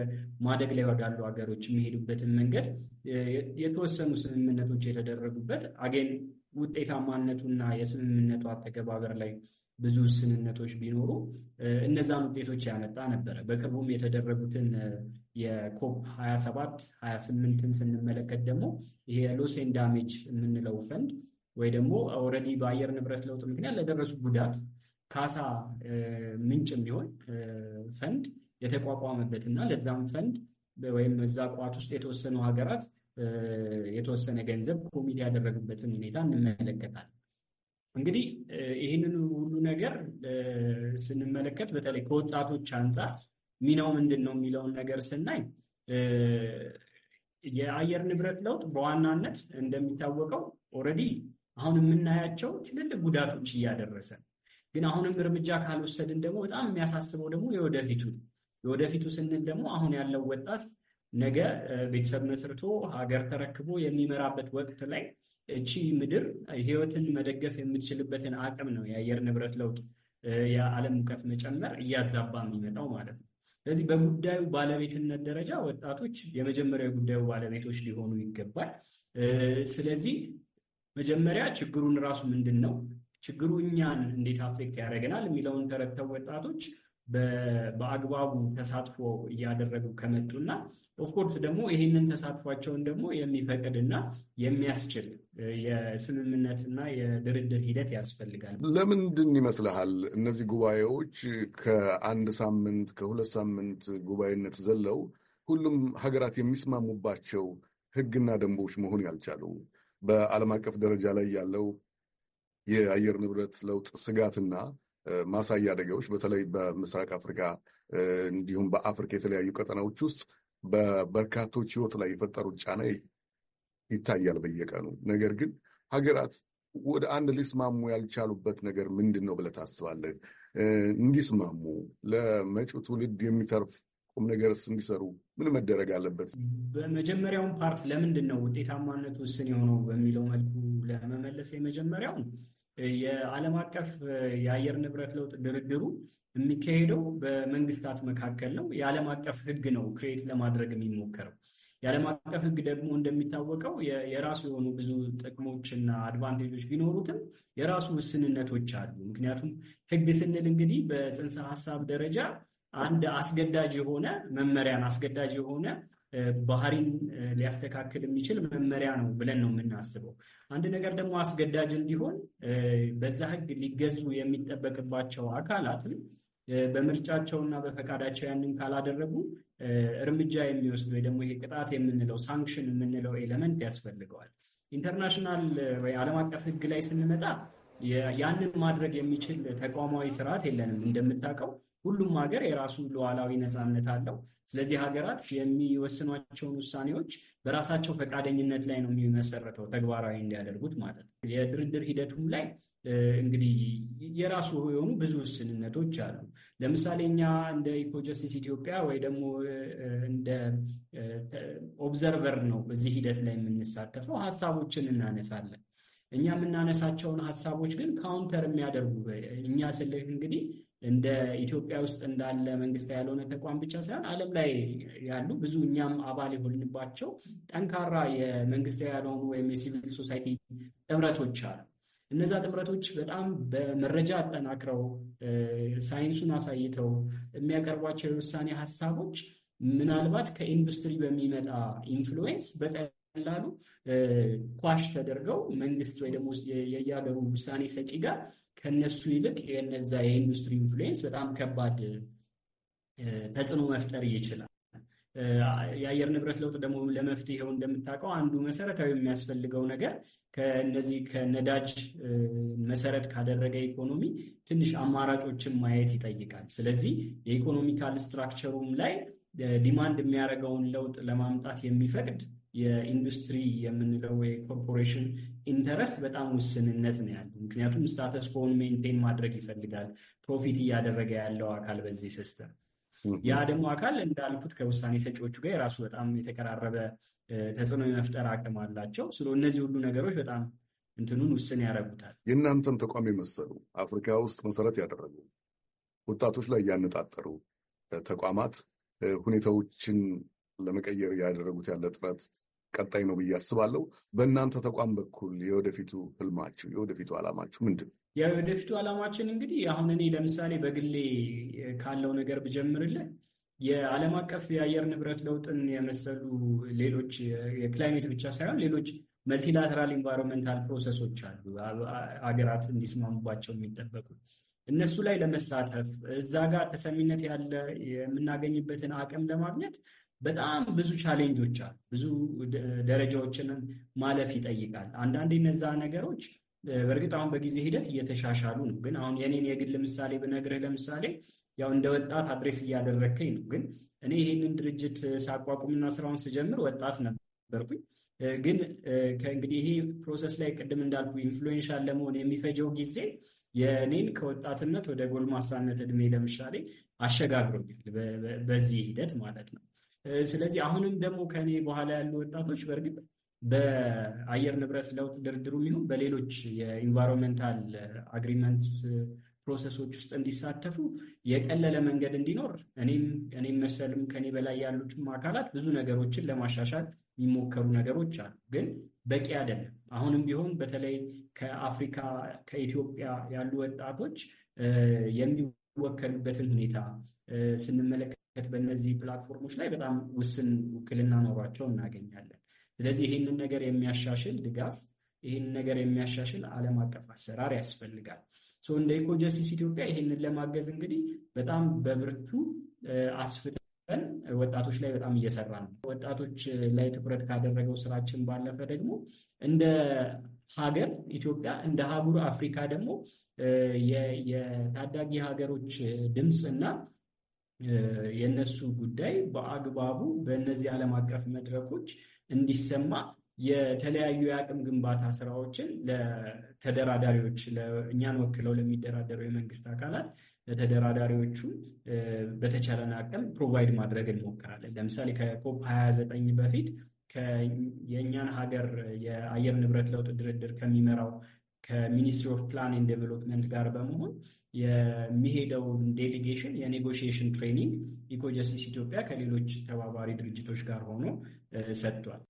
ማደግ ላይ ወዳሉ ሀገሮች የሚሄዱበትን መንገድ የተወሰኑ ስምምነቶች የተደረጉበት አጌን ውጤታማነቱና የስምምነቱ አተገባበር ላይ ብዙ ውስንነቶች ቢኖሩ እነዛን ውጤቶች ያመጣ ነበረ። በቅርቡም የተደረጉትን የኮፕ 27 28ን ስንመለከት ደግሞ ይሄ የሎሴን ዳሜጅ የምንለው ፈንድ ወይ ደግሞ ኦልሬዲ በአየር ንብረት ለውጥ ምክንያት ለደረሱ ጉዳት ካሳ ምንጭ የሚሆን ፈንድ የተቋቋመበት እና ለዛም ፈንድ ወይም እዛ ቋት ውስጥ የተወሰኑ ሀገራት የተወሰነ ገንዘብ ኮሚቴ ያደረጉበትን ሁኔታ እንመለከታለን። እንግዲህ ይህንን ሁሉ ነገር ስንመለከት በተለይ ከወጣቶች አንጻር ሚናው ምንድን ነው የሚለውን ነገር ስናይ የአየር ንብረት ለውጥ በዋናነት እንደሚታወቀው ኦልሬዲ አሁን የምናያቸው ትልልቅ ጉዳቶች እያደረሰ ግን አሁንም እርምጃ ካልወሰድን ደግሞ በጣም የሚያሳስበው ደግሞ የወደፊቱ የወደፊቱ ስንል ደግሞ አሁን ያለው ወጣት ነገ ቤተሰብ መስርቶ ሀገር ተረክቦ የሚመራበት ወቅት ላይ እቺ ምድር ህይወትን መደገፍ የምትችልበትን አቅም ነው የአየር ንብረት ለውጥ የዓለም ሙቀት መጨመር እያዛባ የሚመጣው ማለት ነው። ስለዚህ በጉዳዩ ባለቤትነት ደረጃ ወጣቶች የመጀመሪያ ጉዳዩ ባለቤቶች ሊሆኑ ይገባል። ስለዚህ መጀመሪያ ችግሩን ራሱ ምንድን ነው፣ ችግሩ እኛን እንዴት አፌክት ያደርገናል የሚለውን ተረድተው ወጣቶች በአግባቡ ተሳትፎ እያደረጉ ከመጡና ኦፍኮርስ ደግሞ ይህንን ተሳትፏቸውን ደግሞ የሚፈቅድና የሚያስችል የስምምነትና የድርድር ሂደት ያስፈልጋል። ለምንድን ይመስልሃል እነዚህ ጉባኤዎች ከአንድ ሳምንት ከሁለት ሳምንት ጉባኤነት ዘለው ሁሉም ሀገራት የሚስማሙባቸው ሕግና ደንቦች መሆን ያልቻሉ? በዓለም አቀፍ ደረጃ ላይ ያለው የአየር ንብረት ለውጥ ስጋትና ማሳያ አደጋዎች በተለይ በምስራቅ አፍሪካ እንዲሁም በአፍሪካ የተለያዩ ቀጠናዎች ውስጥ በበርካቶች ህይወት ላይ የፈጠሩት ጫና ይታያል በየቀኑ። ነገር ግን ሀገራት ወደ አንድ ሊስማሙ ያልቻሉበት ነገር ምንድን ነው ብለህ ታስባለህ? እንዲስማሙ ለመጪው ትውልድ የሚተርፍ ቁም ነገርስ እንዲሰሩ ምን መደረግ አለበት? በመጀመሪያውን ፓርት ለምንድን ነው ውጤታማነት ውስን የሆነው በሚለው መልኩ ለመመለስ የመጀመሪያውን የዓለም አቀፍ የአየር ንብረት ለውጥ ድርድሩ የሚካሄደው በመንግስታት መካከል ነው። የዓለም አቀፍ ሕግ ነው ክሬት ለማድረግ የሚሞከረው። የዓለም አቀፍ ሕግ ደግሞ እንደሚታወቀው የራሱ የሆኑ ብዙ ጥቅሞችና አድቫንቴጆች ቢኖሩትም የራሱ ውስንነቶች አሉ። ምክንያቱም ሕግ ስንል እንግዲህ በጽንሰ ሀሳብ ደረጃ አንድ አስገዳጅ የሆነ መመሪያን አስገዳጅ የሆነ ባህሪን ሊያስተካክል የሚችል መመሪያ ነው ብለን ነው የምናስበው። አንድ ነገር ደግሞ አስገዳጅ እንዲሆን በዛ ህግ ሊገዙ የሚጠበቅባቸው አካላትም በምርጫቸውና በፈቃዳቸው ያንን ካላደረጉ እርምጃ የሚወስድ ወይ ደግሞ ይሄ ቅጣት የምንለው ሳንክሽን የምንለው ኤለመንት ያስፈልገዋል። ኢንተርናሽናል ወይ ዓለም አቀፍ ሕግ ላይ ስንመጣ ያንን ማድረግ የሚችል ተቋማዊ ስርዓት የለንም። እንደምታውቀው ሁሉም ሀገር የራሱ ሉዓላዊ ነፃነት አለው። ስለዚህ ሀገራት የሚወስኗቸውን ውሳኔዎች በራሳቸው ፈቃደኝነት ላይ ነው የሚመሰረተው ተግባራዊ እንዲያደርጉት ማለት ነው። የድርድር ሂደቱም ላይ እንግዲህ የራሱ የሆኑ ብዙ ውስንነቶች አሉ። ለምሳሌ እኛ እንደ ኢኮጀስቲስ ኢትዮጵያ ወይ ደግሞ እንደ ኦብዘርቨር ነው በዚህ ሂደት ላይ የምንሳተፈው። ሀሳቦችን እናነሳለን። እኛ የምናነሳቸውን ሀሳቦች ግን ካውንተር የሚያደርጉ እኛ ስልህ እንግዲህ እንደ ኢትዮጵያ ውስጥ እንዳለ መንግስት ያልሆነ ተቋም ብቻ ሳይሆን ዓለም ላይ ያሉ ብዙ እኛም አባል የሆንባቸው ጠንካራ የመንግስታዊ ያልሆኑ ወይም የሲቪል ሶሳይቲ ጥምረቶች አሉ። እነዛ ጥምረቶች በጣም በመረጃ አጠናክረው ሳይንሱን አሳይተው የሚያቀርቧቸው የውሳኔ ሀሳቦች ምናልባት ከኢንዱስትሪ በሚመጣ ኢንፍሉዌንስ በቀላሉ ኳሽ ተደርገው መንግስት ወይ ደግሞ የየሀገሩ ውሳኔ ሰጪ ጋር ከነሱ ይልቅ የነዛ የኢንዱስትሪ ኢንፍሉዌንስ በጣም ከባድ ተጽዕኖ መፍጠር ይችላል። የአየር ንብረት ለውጥ ደግሞ ለመፍትሄው እንደምታውቀው አንዱ መሰረታዊ የሚያስፈልገው ነገር ከእነዚህ ከነዳጅ መሰረት ካደረገ ኢኮኖሚ ትንሽ አማራጮችን ማየት ይጠይቃል። ስለዚህ የኢኮኖሚካል ስትራክቸሩም ላይ ዲማንድ የሚያደርገውን ለውጥ ለማምጣት የሚፈቅድ የኢንዱስትሪ የምንለው የኮርፖሬሽን ኢንተረስት በጣም ውስንነት ነው ያለው። ምክንያቱም ስታተስ ኮን ሜንቴን ማድረግ ይፈልጋል ፕሮፊት እያደረገ ያለው አካል በዚህ ሲስተም ያ ደግሞ አካል እንዳልኩት ከውሳኔ ሰጪዎቹ ጋር የራሱ በጣም የተቀራረበ ተጽዕኖ የመፍጠር አቅም አላቸው። ስለ እነዚህ ሁሉ ነገሮች በጣም እንትኑን ውስን ያደርጉታል። የእናንተን ተቋም የመሰሉ አፍሪካ ውስጥ መሰረት ያደረጉ ወጣቶች ላይ ያነጣጠሩ ተቋማት ሁኔታዎችን ለመቀየር ያደረጉት ያለ ጥረት ቀጣይ ነው ብዬ አስባለሁ። በእናንተ ተቋም በኩል የወደፊቱ ህልማችሁ፣ የወደፊቱ ዓላማችሁ ምንድን ነው? የወደፊቱ ዓላማችን እንግዲህ አሁን እኔ ለምሳሌ በግሌ ካለው ነገር ብጀምርልን የዓለም አቀፍ የአየር ንብረት ለውጥን የመሰሉ ሌሎች የክላይሜት ብቻ ሳይሆን ሌሎች መልቲላተራል ኢንቫይሮንመንታል ፕሮሰሶች አሉ ሀገራት እንዲስማሙባቸው የሚጠበቁ እነሱ ላይ ለመሳተፍ እዛ ጋር ተሰሚነት ያለ የምናገኝበትን አቅም ለማግኘት በጣም ብዙ ቻሌንጆች አሉ። ብዙ ደረጃዎችንም ማለፍ ይጠይቃል። አንዳንድ እነዛ ነገሮች በእርግጥ አሁን በጊዜ ሂደት እየተሻሻሉ ነው። ግን አሁን የኔን የግል ምሳሌ ብነግርህ ለምሳሌ ያው እንደ ወጣት አድሬስ እያደረግከኝ ነው። ግን እኔ ይህንን ድርጅት ሳቋቁምና ስራውን ስጀምር ወጣት ነበርኩኝ። ግን ከእንግዲህ ይህ ፕሮሰስ ላይ ቅድም እንዳልኩ ኢንፍሉዌንሻል ለመሆን የሚፈጀው ጊዜ የእኔን ከወጣትነት ወደ ጎልማሳነት እድሜ ለምሳሌ አሸጋግሮኛል፣ በዚህ ሂደት ማለት ነው። ስለዚህ አሁንም ደግሞ ከእኔ በኋላ ያሉ ወጣቶች በእርግጥ በአየር ንብረት ለውጥ ድርድሩ ይሁን በሌሎች የኢንቫይሮንመንታል አግሪመንት ፕሮሰሶች ውስጥ እንዲሳተፉ የቀለለ መንገድ እንዲኖር እኔም እኔም መሰልም ከኔ በላይ ያሉትም አካላት ብዙ ነገሮችን ለማሻሻል የሚሞከሩ ነገሮች አሉ፣ ግን በቂ አይደለም። አሁንም ቢሆን በተለይ ከአፍሪካ ከኢትዮጵያ ያሉ ወጣቶች የሚወከሉበትን ሁኔታ ስንመለከት በእነዚህ ፕላትፎርሞች ላይ በጣም ውስን ውክልና ኖሯቸው እናገኛለን። ስለዚህ ይህንን ነገር የሚያሻሽል ድጋፍ፣ ይህንን ነገር የሚያሻሽል ዓለም አቀፍ አሰራር ያስፈልጋል። እንደ ኢኮ ጀስቲስ ኢትዮጵያ ይህንን ለማገዝ እንግዲህ በጣም በብርቱ አስፍተን ወጣቶች ላይ በጣም እየሰራ ነው። ወጣቶች ላይ ትኩረት ካደረገው ስራችን ባለፈ ደግሞ እንደ ሀገር ኢትዮጵያ እንደ ሀጉር አፍሪካ ደግሞ የታዳጊ ሀገሮች ድምፅ እና የእነሱ ጉዳይ በአግባቡ በእነዚህ ዓለም አቀፍ መድረኮች እንዲሰማ የተለያዩ የአቅም ግንባታ ስራዎችን ለተደራዳሪዎች እኛን ወክለው ለሚደራደሩ የመንግስት አካላት ለተደራዳሪዎቹ በተቻለን አቅም ፕሮቫይድ ማድረግ እንሞክራለን። ለምሳሌ ከኮፕ 29 በፊት የእኛን ሀገር የአየር ንብረት ለውጥ ድርድር ከሚመራው ከሚኒስትሪ ኦፍ ፕላን ኤንድ ዴቨሎፕመንት ጋር በመሆን የሚሄደውን ዴሊጌሽን የኔጎሽሽን ትሬኒንግ ኢኮጀስቲስ ኢትዮጵያ ከሌሎች ተባባሪ ድርጅቶች ጋር ሆኖ ሰጥቷል።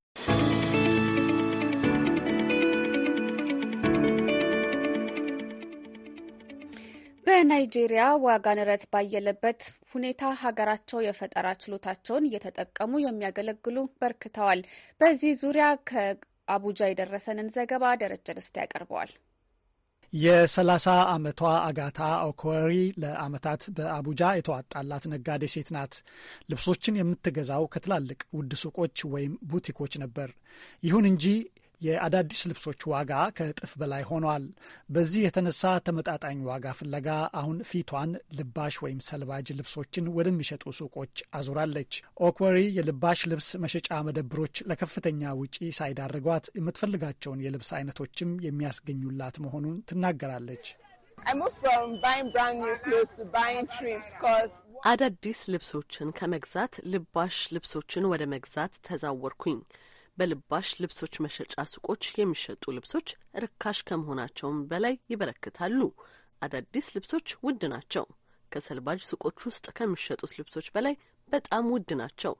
በናይጄሪያ ዋጋ ንረት ባየለበት ሁኔታ ሀገራቸው የፈጠራ ችሎታቸውን እየተጠቀሙ የሚያገለግሉ በርክተዋል። በዚህ ዙሪያ አቡጃ የደረሰንን ዘገባ ደረጀ ደስታ ያቀርበዋል። የ30 ዓመቷ አጋታ ኦኮሪ ለአመታት በአቡጃ የተዋጣላት ነጋዴ ሴት ናት። ልብሶችን የምትገዛው ከትላልቅ ውድ ሱቆች ወይም ቡቲኮች ነበር። ይሁን እንጂ የአዳዲስ ልብሶች ዋጋ ከእጥፍ በላይ ሆኗል። በዚህ የተነሳ ተመጣጣኝ ዋጋ ፍለጋ አሁን ፊቷን ልባሽ ወይም ሰልባጅ ልብሶችን ወደሚሸጡ ሱቆች አዙራለች። ኦክወሪ የልባሽ ልብስ መሸጫ መደብሮች ለከፍተኛ ውጪ ሳይዳርጓት የምትፈልጋቸውን የልብስ አይነቶችም የሚያስገኙላት መሆኑን ትናገራለች። አዳዲስ ልብሶችን ከመግዛት ልባሽ ልብሶችን ወደ መግዛት ተዛወርኩኝ። በልባሽ ልብሶች መሸጫ ሱቆች የሚሸጡ ልብሶች ርካሽ ከመሆናቸውም በላይ ይበረክታሉ። አዳዲስ ልብሶች ውድ ናቸው። ከሰልባጅ ሱቆች ውስጥ ከሚሸጡት ልብሶች በላይ በጣም ውድ ናቸው።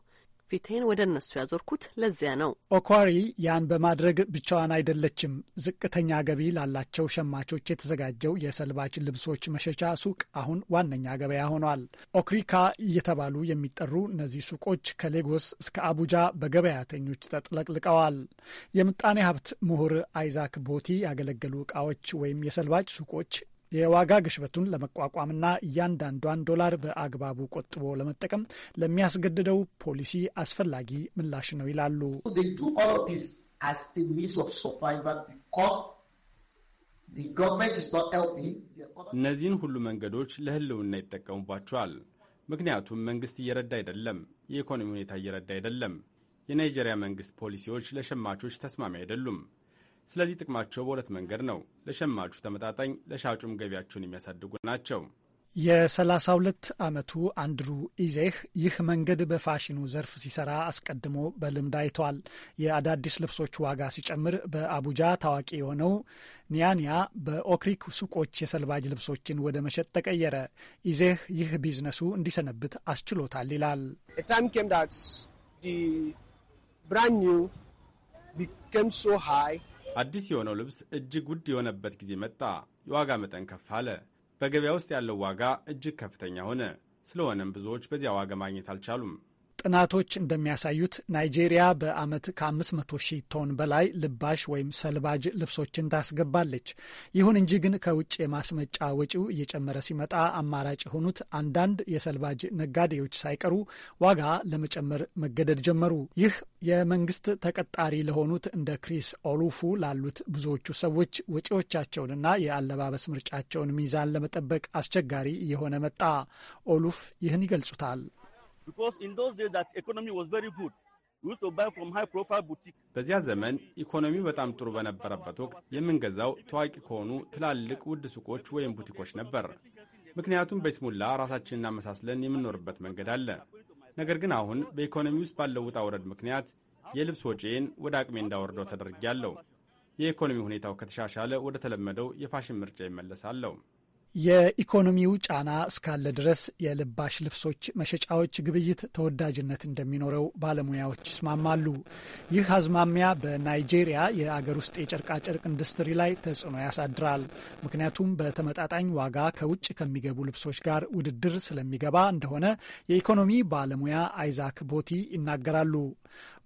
ፊቴን ወደ እነሱ ያዞርኩት ለዚያ ነው። ኦኳሪ ያን በማድረግ ብቻዋን አይደለችም። ዝቅተኛ ገቢ ላላቸው ሸማቾች የተዘጋጀው የሰልባጭ ልብሶች መሸቻ ሱቅ አሁን ዋነኛ ገበያ ሆኗል። ኦክሪካ እየተባሉ የሚጠሩ እነዚህ ሱቆች ከሌጎስ እስከ አቡጃ በገበያተኞች ተጥለቅልቀዋል። የምጣኔ ሀብት ምሁር አይዛክ ቦቲ ያገለገሉ እቃዎች ወይም የሰልባጭ ሱቆች የዋጋ ግሽበቱን ለመቋቋምና እያንዳንዷን ዶላር በአግባቡ ቆጥቦ ለመጠቀም ለሚያስገድደው ፖሊሲ አስፈላጊ ምላሽ ነው ይላሉ። እነዚህን ሁሉ መንገዶች ለህልውና ይጠቀሙባቸዋል። ምክንያቱም መንግስት እየረዳ አይደለም፣ የኢኮኖሚ ሁኔታ እየረዳ አይደለም። የናይጄሪያ መንግስት ፖሊሲዎች ለሸማቾች ተስማሚ አይደሉም። ስለዚህ ጥቅማቸው በሁለት መንገድ ነው። ለሸማቹ ተመጣጣኝ፣ ለሻጩም ገቢያቸውን የሚያሳድጉ ናቸው። የ32 ዓመቱ አንድሩ ኢዜህ ይህ መንገድ በፋሽኑ ዘርፍ ሲሰራ አስቀድሞ በልምድ አይተዋል። የአዳዲስ ልብሶች ዋጋ ሲጨምር በአቡጃ ታዋቂ የሆነው ኒያኒያ በኦክሪክ ሱቆች የሰልባጅ ልብሶችን ወደ መሸጥ ተቀየረ። ኢዜህ ይህ ቢዝነሱ እንዲሰነብት አስችሎታል ይላል። ብራንድ ኒው ቢከም ሶ ሃይ አዲስ የሆነው ልብስ እጅግ ውድ የሆነበት ጊዜ መጣ። የዋጋ መጠን ከፍ አለ። በገበያ ውስጥ ያለው ዋጋ እጅግ ከፍተኛ ሆነ። ስለሆነም ብዙዎች በዚያ ዋጋ ማግኘት አልቻሉም። ጥናቶች እንደሚያሳዩት ናይጄሪያ በዓመት ከ500 ሺህ ቶን በላይ ልባሽ ወይም ሰልባጅ ልብሶችን ታስገባለች። ይሁን እንጂ ግን ከውጭ የማስመጫ ወጪው እየጨመረ ሲመጣ አማራጭ የሆኑት አንዳንድ የሰልባጅ ነጋዴዎች ሳይቀሩ ዋጋ ለመጨመር መገደድ ጀመሩ። ይህ የመንግስት ተቀጣሪ ለሆኑት እንደ ክሪስ ኦሉፉ ላሉት ብዙዎቹ ሰዎች ወጪዎቻቸውንና የአለባበስ ምርጫቸውን ሚዛን ለመጠበቅ አስቸጋሪ እየሆነ መጣ። ኦሉፍ ይህን ይገልጹታል። because in those days that economy was very good. በዚያ ዘመን ኢኮኖሚው በጣም ጥሩ በነበረበት ወቅት የምንገዛው ታዋቂ ከሆኑ ትላልቅ ውድ ሱቆች ወይም ቡቲኮች ነበር። ምክንያቱም በይስሙላ ራሳችንን አመሳስለን የምንኖርበት መንገድ አለ። ነገር ግን አሁን በኢኮኖሚ ውስጥ ባለው ውጣ ውረድ ምክንያት የልብስ ወጪን ወደ አቅሜ እንዳወርደው ተደርጌያለሁ። የኢኮኖሚ ሁኔታው ከተሻሻለ ወደ ተለመደው የፋሽን ምርጫ ይመለሳለሁ። የኢኮኖሚው ጫና እስካለ ድረስ የልባሽ ልብሶች መሸጫዎች ግብይት ተወዳጅነት እንደሚኖረው ባለሙያዎች ይስማማሉ። ይህ አዝማሚያ በናይጄሪያ የአገር ውስጥ የጨርቃጨርቅ ኢንዱስትሪ ላይ ተጽዕኖ ያሳድራል። ምክንያቱም በተመጣጣኝ ዋጋ ከውጭ ከሚገቡ ልብሶች ጋር ውድድር ስለሚገባ እንደሆነ የኢኮኖሚ ባለሙያ አይዛክ ቦቲ ይናገራሉ።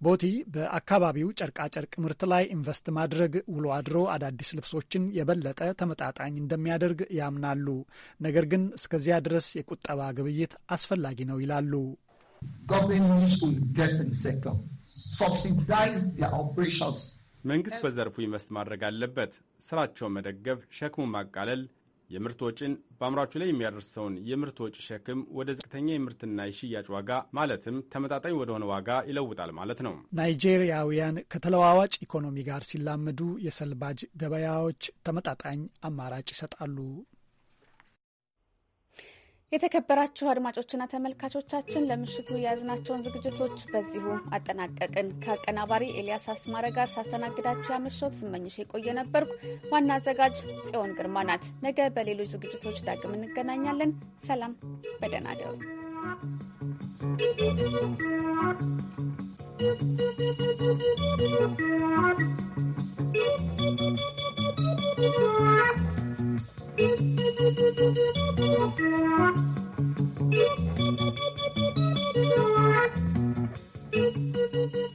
ቦቲ በአካባቢው ጨርቃጨርቅ ምርት ላይ ኢንቨስት ማድረግ ውሎ አድሮ አዳዲስ ልብሶችን የበለጠ ተመጣጣኝ እንደሚያደርግ ያምናል። ይጠይቃሉ። ነገር ግን እስከዚያ ድረስ የቁጠባ ግብይት አስፈላጊ ነው ይላሉ። መንግስት በዘርፉ ኢንቨስት ማድረግ አለበት። ስራቸውን መደገፍ፣ ሸክሙን ማቃለል፣ የምርት ወጪን በአምራቹ ላይ የሚያደርሰውን የምርት ወጪ ሸክም ወደ ዝቅተኛ የምርትና የሽያጭ ዋጋ ማለትም ተመጣጣኝ ወደሆነ ዋጋ ይለውጣል ማለት ነው። ናይጄሪያውያን ከተለዋዋጭ ኢኮኖሚ ጋር ሲላመዱ የሰልባጅ ገበያዎች ተመጣጣኝ አማራጭ ይሰጣሉ። የተከበራችሁ አድማጮችና ተመልካቾቻችን ለምሽቱ የያዝናቸውን ዝግጅቶች በዚሁ አጠናቀቅን። ከአቀናባሪ ኤልያስ አስማረ ጋር ሳስተናግዳችሁ ያመሸሁት ስመኝሽ የቆየ ነበርኩ። ዋና አዘጋጅ ጽዮን ግርማ ናት። ነገ በሌሎች ዝግጅቶች ዳግም እንገናኛለን። ሰላም፣ በደህና እደሩ። thank <laughs> you